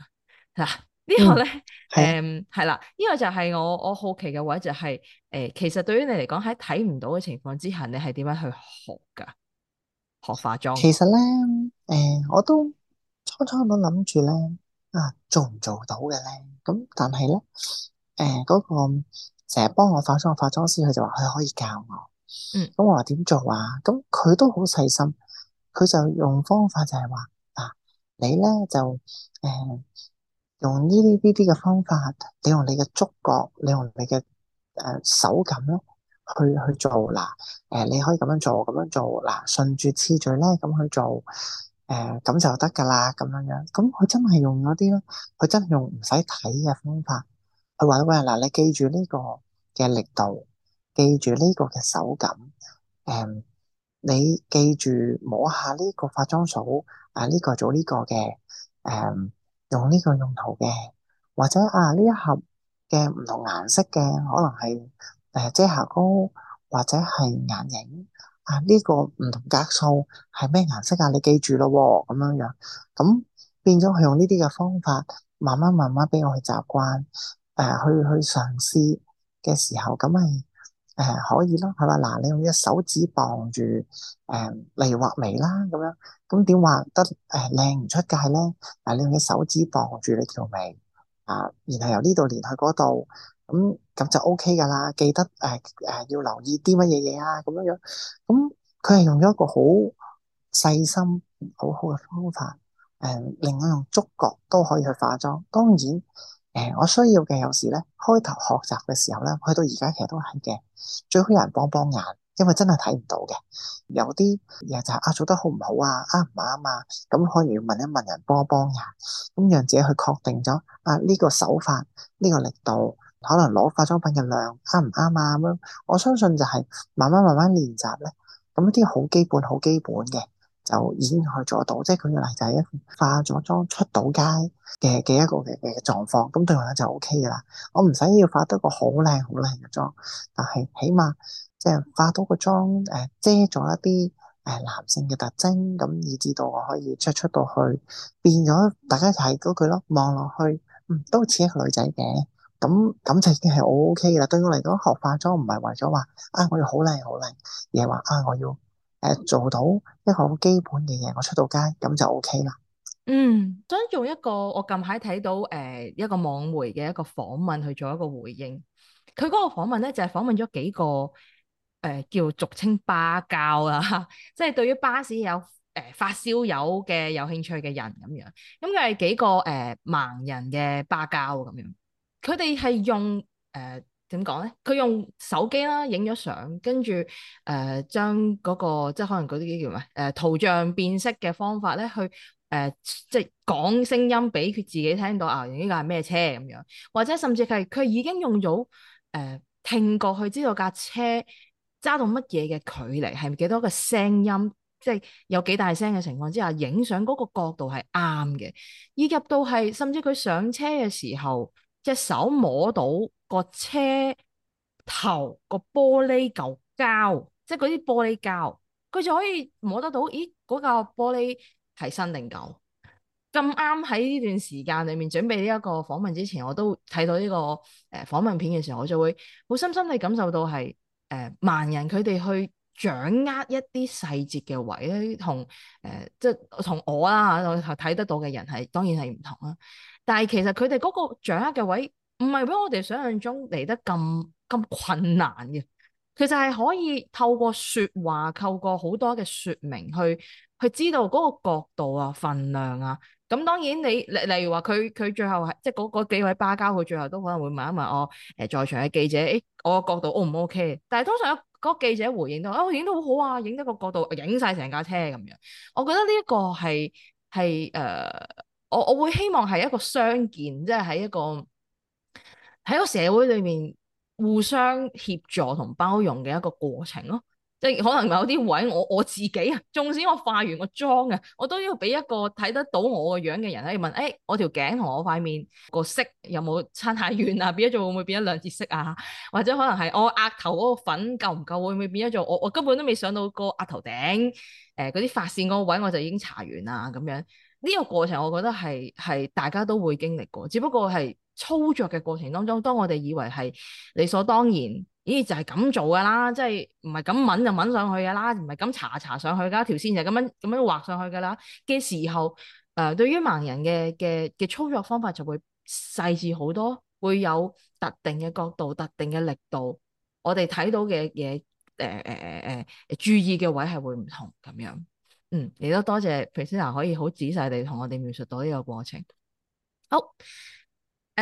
嗱、這個、呢個咧，誒係啦，呢、嗯，這個就係我我好奇嘅位就係、是、誒、呃、其實對於你嚟講喺睇唔到嘅情況之下，你係點樣去學㗎學化妝？其實咧，誒、呃、我都初初都諗住咧啊做唔做到嘅咧，咁但係咧。誒嗰個成日幫我化妝嘅化妝師，佢就話佢可以教我。嗯，咁我話點做啊？咁佢都好細心，佢就用方法就係話嗱，你咧就誒、啊、用呢啲啲啲嘅方法，你用你嘅觸覺，你用你嘅誒手感咧去去做嗱。誒、啊，你可以咁樣做，咁樣做嗱、啊，順住次序咧咁去做誒，咁、啊、就得㗎啦。咁樣樣，咁佢真係用嗰啲，佢真係用唔使睇嘅方法。佢話：喂，嗱，你記住呢個嘅力度，記住呢個嘅手感。誒、嗯，你記住摸下呢個化妝掃。啊，呢、這個做呢個嘅誒、嗯，用呢個用途嘅，或者啊，呢一盒嘅唔同顏色嘅，可能係誒遮瑕膏或者係眼影啊。呢、這個唔同格數係咩顏色啊？你記住咯、哦，咁樣樣咁變咗，佢用呢啲嘅方法，慢慢慢慢俾我去習慣。誒、呃，去去嘗試嘅時候，咁咪誒可以咯，係嘛？嗱，你用隻手指傍住誒、嗯、例如畫眉啦，咁樣，咁點畫得誒靚唔出界咧？嗱、啊，你用隻手指傍住你條眉啊，然後由呢度連去嗰度，咁、嗯、咁就 O K 噶啦。記得誒誒、呃呃、要留意啲乜嘢嘢啊，咁樣樣。咁佢係用咗一個好細心好好嘅方法，誒、嗯、令我用觸覺都可以去化妝。當然。誒，我需要嘅有時咧，開頭學習嘅時候咧，去到而家其實都係嘅，最好有人幫幫眼，因為真係睇唔到嘅，有啲嘢就係啊做得好唔好啊，啱唔啱啊，咁可能要問一問人幫幫人，咁樣自己去確定咗啊，呢個手法，呢個力度，可能攞化妝品嘅量啱唔啱啊咁樣，我相信就係慢慢慢慢練習咧，咁一啲好基本好基本嘅。就已經可以做到，即係佢嘅例就係一化咗妝出到街嘅嘅一個嘅嘅狀況，咁對我嚟就 O K 噶啦。我唔使要化多個好靚好靚嘅妝，但係起碼即係化到個妝誒遮咗一啲誒、呃、男性嘅特徵，咁以至到我可以著出，出到去，變咗大家提嗰句咯，望落去嗯都似一個女仔嘅，咁咁就已經係 O K 噶啦。對我嚟講學化妝唔係為咗話啊我要好靚好靚，而係話啊我要。誒，做到一個好基本嘅嘢，我出到街咁就 OK 啦。嗯，想做一個我近排睇到誒、呃、一個網媒嘅一個訪問去做一個回應。佢嗰個訪問咧就係、是、訪問咗幾個誒、呃、叫俗稱巴膠啦、啊， 即係對於巴士有誒、呃、發燒友嘅有興趣嘅人咁樣。咁佢係幾個誒、呃、盲人嘅巴膠咁、啊、樣，佢哋係用誒。呃點講咧？佢用手機啦，影咗相，跟住誒將嗰個即係可能嗰啲叫咩誒圖像辨識嘅方法咧，去誒即係講聲音俾佢自己聽到啊！呢架係咩車咁樣？或者甚至係佢已經用咗誒聽過去知道架車揸到乜嘢嘅距離係幾多個聲音，即係有幾大聲嘅情況之下，影相嗰個角度係啱嘅，以及到係甚至佢上車嘅時候隻手摸到。個車頭個玻璃舊膠，即係嗰啲玻璃膠，佢就可以摸得到。咦，嗰嚿玻璃係新定舊？咁啱喺呢段時間裡面準備呢一個訪問之前，我都睇到呢個誒訪問片嘅時候，我就會好深深地感受到係誒盲人佢哋去掌握一啲細節嘅位咧，同誒即係同我啦，我睇得到嘅人係當然係唔同啦。但係其實佢哋嗰個掌握嘅位。唔係俾我哋想象中嚟得咁咁困難嘅，其實係可以透過説話，透過好多嘅説明去去知道嗰個角度啊、分量啊。咁當然你，你例如話佢佢最後即係嗰嗰幾位巴交，佢最後都可能會問一問我誒、呃、在場嘅記者，誒我個角度 O 唔 O K？但係通常嗰、那個、記者回應都啊，我影到好好啊，影得個角度，影晒成架車咁樣。我覺得呢一個係係誒，我我會希望係一個相見，即係喺一個。喺個社會裏面互相協助同包容嘅一個過程咯，即係可能有啲位我我自己啊，縱使我化完個妝啊，我都要俾一個睇得到我個樣嘅人嚟問，誒、哎，我條頸同我塊面個色有冇差太遠啊？變咗做會唔會變一兩截色啊？或者可能係我額頭嗰個粉夠唔夠，會唔會變咗做我我根本都未上到個額頭頂誒嗰啲髮線個位，我就已經搽完啦咁樣呢、個過程，我覺得係係大家都會經歷過，只不過係。操作嘅過程當中，當我哋以為係理所當然，咦就係、是、咁做㗎啦，即係唔係咁掹就掹上去㗎啦，唔係咁查查上去㗎條線就咁樣咁樣畫上去㗎啦嘅時候，誒、呃、對於盲人嘅嘅嘅操作方法就會細緻好多，會有特定嘅角度、特定嘅力度，我哋睇到嘅嘢，誒誒誒誒，注意嘅位係會唔同咁樣。嗯，亦都多謝 Priscilla 可以好仔細地同我哋描述到呢個過程。好。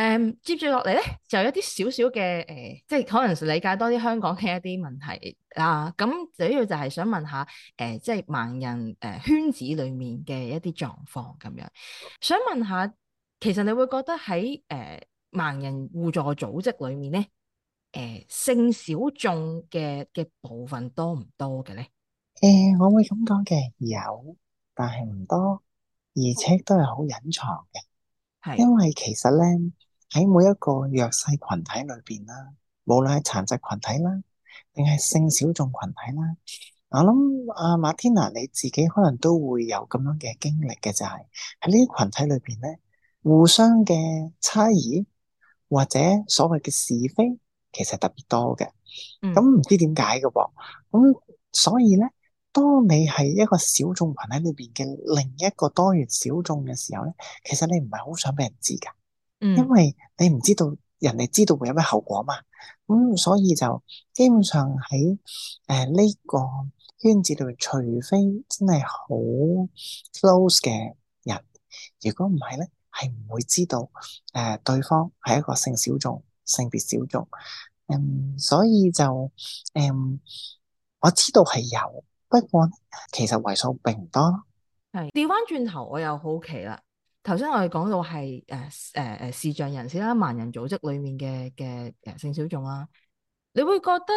誒、嗯，接住落嚟咧，就有一啲少少嘅誒，即係可能理解多啲香港嘅一啲問題啦。咁、啊、主要就係想問下，誒、呃，即係盲人誒、呃、圈子裏面嘅一啲狀況咁樣。想問下，其實你會覺得喺誒、呃、盲人互助組織裏面咧，誒、呃、性小眾嘅嘅部分多唔多嘅咧？誒、呃，我會咁講嘅，有，但係唔多，而且都係好隱藏嘅。係、嗯，因為其實咧。喺每一個弱勢群體裏邊啦，無論係殘疾群體啦，定係性小眾群體啦，我諗阿馬天娜你自己可能都會有咁樣嘅經歷嘅，就係喺呢啲群體裏邊咧，互相嘅差異或者所謂嘅是非，其實特別多嘅。咁唔、嗯、知點解嘅，咁所以咧，當你係一個小眾群體裏邊嘅另一個多元小眾嘅時候咧，其實你唔係好想俾人知噶。因為你唔知道人哋知道會有咩後果嘛，咁、嗯、所以就基本上喺誒呢個圈子度，除非真係好 close 嘅人，如果唔係咧，係唔會知道誒、呃、對方係一個性小眾、性別小眾。嗯，所以就誒、嗯、我知道係有，不過其實為數並唔多。係調翻轉頭，我又好奇啦。頭先我哋講到係誒誒誒視障人士啦，盲人組織裏面嘅嘅、呃、性小眾啦，你會覺得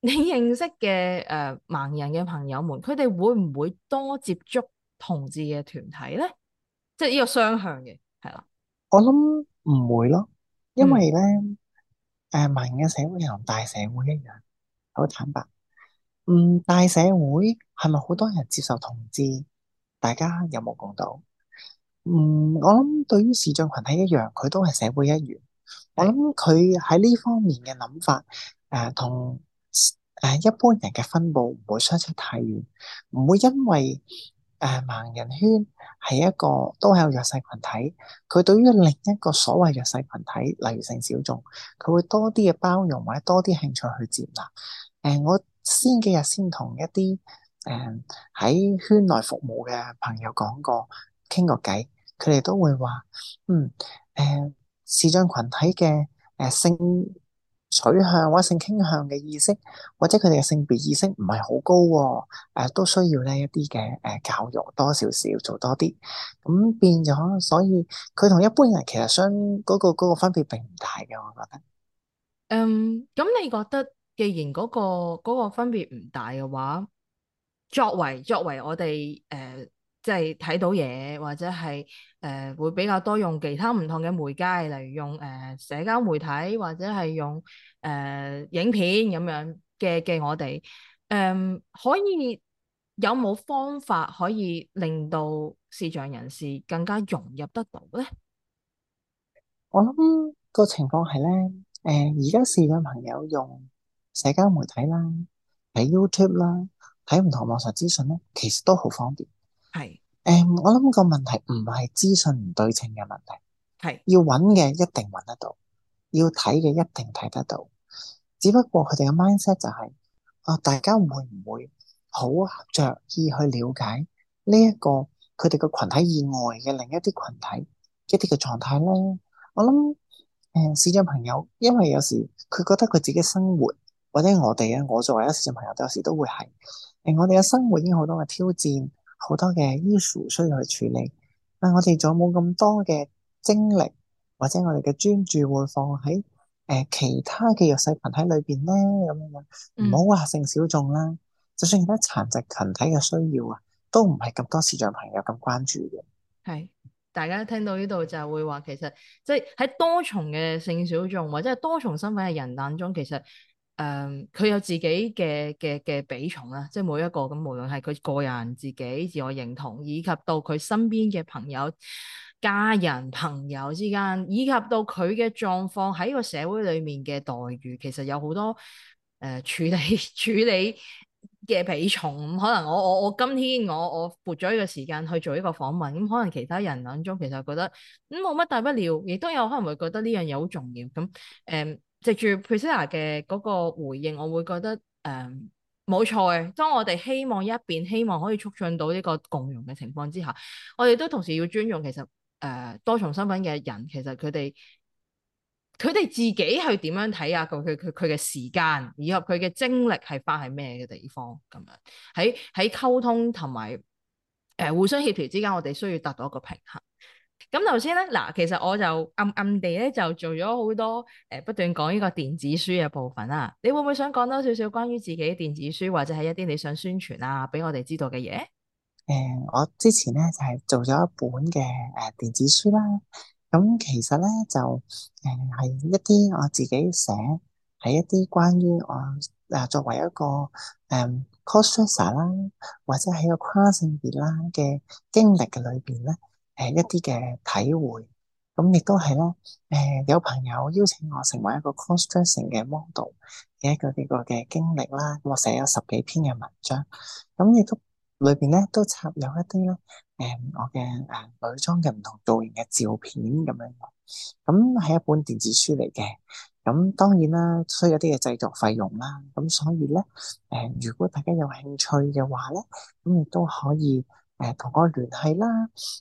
你認識嘅誒、呃、盲人嘅朋友們，佢哋會唔會多接觸同志嘅團體咧？即係呢個雙向嘅，係啦。我諗唔會咯，因為咧誒、嗯呃、盲人嘅社會同大社會一樣，好坦白。嗯，大社會係咪好多人接受同志？大家有冇講到？嗯，我諗對於視障群體一樣，佢都係社會一員。我諗佢喺呢方面嘅諗法，誒、呃，同誒一般人嘅分布唔會相差太遠，唔會因為誒、呃、盲人圈係一個都係有弱勢群體，佢對於另一個所謂弱勢群體，例如性小眾，佢會多啲嘅包容或者多啲興趣去接納。誒、呃，我先幾日先同一啲誒喺圈內服務嘅朋友講過，傾過偈。佢哋都會話，嗯，誒、呃，視障群體嘅誒性取向或者性傾向嘅意識，或者佢哋嘅性別意識唔係好高喎、哦呃，都需要呢一啲嘅誒教育多，多少少做多啲，咁變咗，所以佢同一般人其實相嗰、嗰個、嗰個分別並唔大嘅，我覺得。嗯，咁你覺得，既然嗰、嗰個、嗰個分別唔大嘅話，作為作為我哋誒。呃即係睇到嘢，或者係誒、呃、會比較多用其他唔同嘅媒介嚟用誒、呃、社交媒體，或者係用誒、呃、影片咁樣嘅嘅。我哋誒、呃、可以有冇方法可以令到視障人士更加融入得到咧？我諗個情況係咧，誒而家視障朋友用社交媒體啦，喺 YouTube 啦，睇唔同網上資訊咧，其實都好方便。係誒、嗯，我諗個問題唔係資訊唔對稱嘅問題，係是要搵嘅一定搵得到，要睇嘅一定睇得到，只不過佢哋嘅 mindset 就係、是、啊、哦，大家會唔會好合着意去了解呢一個佢哋嘅群體以外嘅另一啲群體一啲嘅狀態咧？我諗誒，嗯、視障朋友，因為有時佢覺得佢自己生活或者我哋咧，我作為一視障朋友，有時都會係誒，我哋嘅生活已經好多嘅挑戰。好多嘅 issue 需要去處理，但我哋仲有冇咁多嘅精力，或者我哋嘅專注會放喺誒、呃、其他嘅弱勢群體裏邊咧，咁樣樣唔好話性小眾啦，嗯、就算其他殘疾群體嘅需要啊，都唔係咁多視障朋友咁關注嘅。係，大家聽到呢度就會話，其實即係喺多重嘅性小眾或者係多重身份嘅人當中，其實。誒，佢、嗯、有自己嘅嘅嘅比重啦，即係每一個咁，無論係佢個人自己自我認同，以及到佢身邊嘅朋友、家人、朋友之間，以及到佢嘅狀況喺個社會裡面嘅待遇，其實有好多誒、呃、處理處理嘅比重。咁可能我我我今天我我撥咗呢個時間去做一個訪問，咁、嗯、可能其他人眼中其實覺得咁冇乜大不了，亦都有可能會覺得呢樣嘢好重要。咁、嗯、誒。嗯藉住 Priscilla 嘅嗰個回應，我會覺得誒冇、嗯、錯嘅。當我哋希望一邊希望可以促進到呢個共融嘅情況之下，我哋都同時要尊重其實誒、呃、多重身份嘅人，其實佢哋佢哋自己係點樣睇啊，佢佢佢佢嘅時間以及佢嘅精力係花喺咩嘅地方咁樣，喺喺溝通同埋誒互相協調之間，我哋需要達到一個平衡。咁頭先咧，嗱，其實我就暗暗地咧就做咗好多誒，不斷講呢個電子書嘅部分啦。你會唔會想講多少少關於自己電子書或者係一啲你想宣傳啊，俾我哋知道嘅嘢？誒、嗯，我之前咧就係、是、做咗一本嘅誒電子書啦。咁、嗯、其實咧就誒係、嗯、一啲我自己寫喺一啲關於我誒作為一個誒 cos 啦，或者喺個跨性別啦嘅經歷嘅裏邊咧。誒、呃，一啲嘅體會，咁、嗯、亦都係咧，誒、呃，有朋友邀請我成為一個 constrasting 嘅 model 嘅一個呢個嘅經歷啦、嗯，我寫咗十幾篇嘅文章，咁、嗯、亦都裏邊咧都插有一啲咧，誒、嗯，我嘅誒、呃、女裝嘅唔同造型嘅照片咁樣嘅，咁、嗯、係一本電子書嚟嘅，咁、嗯、當然啦，需要啲嘅製作費用啦，咁、嗯、所以咧，誒、呃，如果大家有興趣嘅話咧，咁、嗯、亦都可以。誒同我聯繫啦，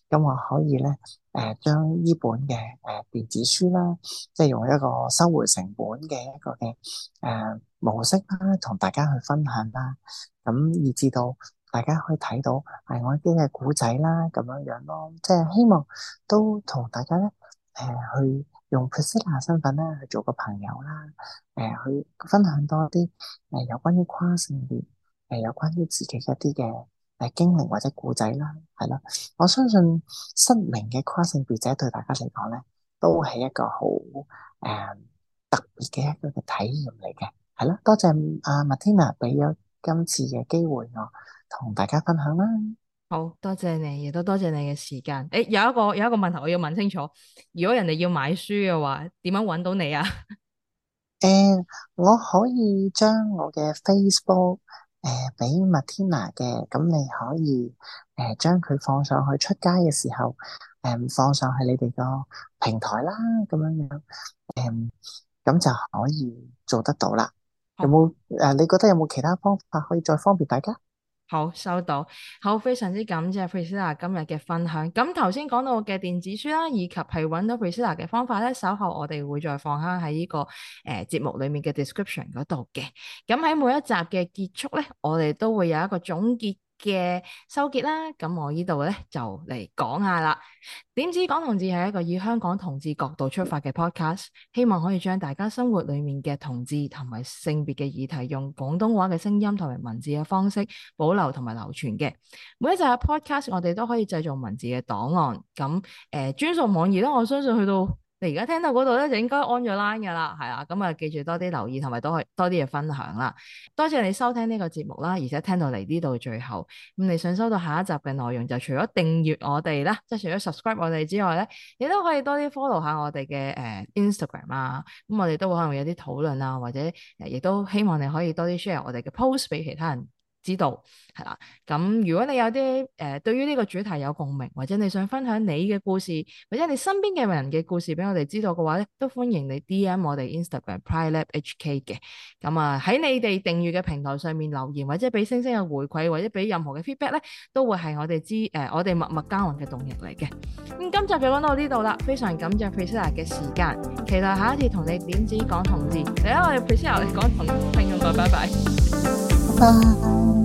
咁我可以咧誒將呢本嘅誒電子書啦，即係用一個收回成本嘅一個嘅誒、呃、模式啦，同大家去分享啦。咁以至到大家可以睇到誒我啲嘅古仔啦，咁樣樣咯，即係希望都同大家咧誒、呃、去用 Priscilla 身份咧去做個朋友啦，誒、呃、去分享多啲誒有關於跨性別誒有關於自己一啲嘅。誒，經歷或者故仔啦，係咯，我相信失明嘅跨性別者對大家嚟講咧，都係一個好誒、呃、特別嘅一個嘅體驗嚟嘅，係咯，多謝阿馬天娜俾咗今次嘅機會我同大家分享啦，好多謝你亦都多謝你嘅時間。誒，有一個有一個問題我要問清楚，如果人哋要買書嘅話，點樣搵到你啊？誒、 呃，我可以將我嘅 Facebook。誒，俾馬天娜嘅咁，你可以誒將佢放上去出街嘅時候，誒、呃、放上去你哋個平台啦，咁樣、呃、樣，誒咁就可以做得到啦。有冇誒、呃？你覺得有冇其他方法可以再方便大家？好收到，好非常之感謝 Priscilla 今日嘅分享。咁頭先講到嘅電子書啦，以及係搵到 Priscilla 嘅方法咧，稍後我哋會再放翻喺呢個誒、呃、節目裏面嘅 description 嗰度嘅。咁喺每一集嘅結束咧，我哋都會有一個總結。嘅收結啦，咁我呢度咧就嚟講下啦。點知港同志係一個以香港同志角度出發嘅 podcast，希望可以將大家生活裡面嘅同志同埋性別嘅議題，用廣東話嘅聲音同埋文字嘅方式保留同埋流傳嘅。每一集嘅 podcast，我哋都可以製造文字嘅檔案。咁誒、呃，專屬網頁咧，我相信去到，你而家聽到嗰度咧，就應該 online 嘅啦，係啊，咁啊，記住多啲留意同埋多去多啲嘢分享啦。多謝你收聽呢個節目啦，而且聽到嚟呢度最後，咁你想收到下一集嘅內容，就除咗訂閱我哋啦，即係除咗 subscribe 我哋之外咧，亦都可以多啲 follow 下我哋嘅誒 Instagram 啊，咁、嗯、我哋都可能會有啲討論啊，或者亦都希望你可以多啲 share 我哋嘅 post 俾其他人。知道係啦，咁如果你有啲誒、呃、對於呢個主題有共鳴，或者你想分享你嘅故事，或者你身邊嘅人嘅故事俾我哋知道嘅話咧，都歡迎你 DM 我哋 Instagram PrideLab HK 嘅。咁啊喺你哋訂閲嘅平台上面留言，或者俾星星嘅回饋，或者俾任何嘅 feedback 咧，都會係我哋知，誒、呃、我哋默默耕耘嘅動力嚟嘅。咁、嗯、今集就講到呢度啦，非常感謝 Priscilla 嘅時間，期待下一次同你點止講同志。第一，我哋 Priscilla 嚟講同慶祝過，拜拜。拜拜拜拜。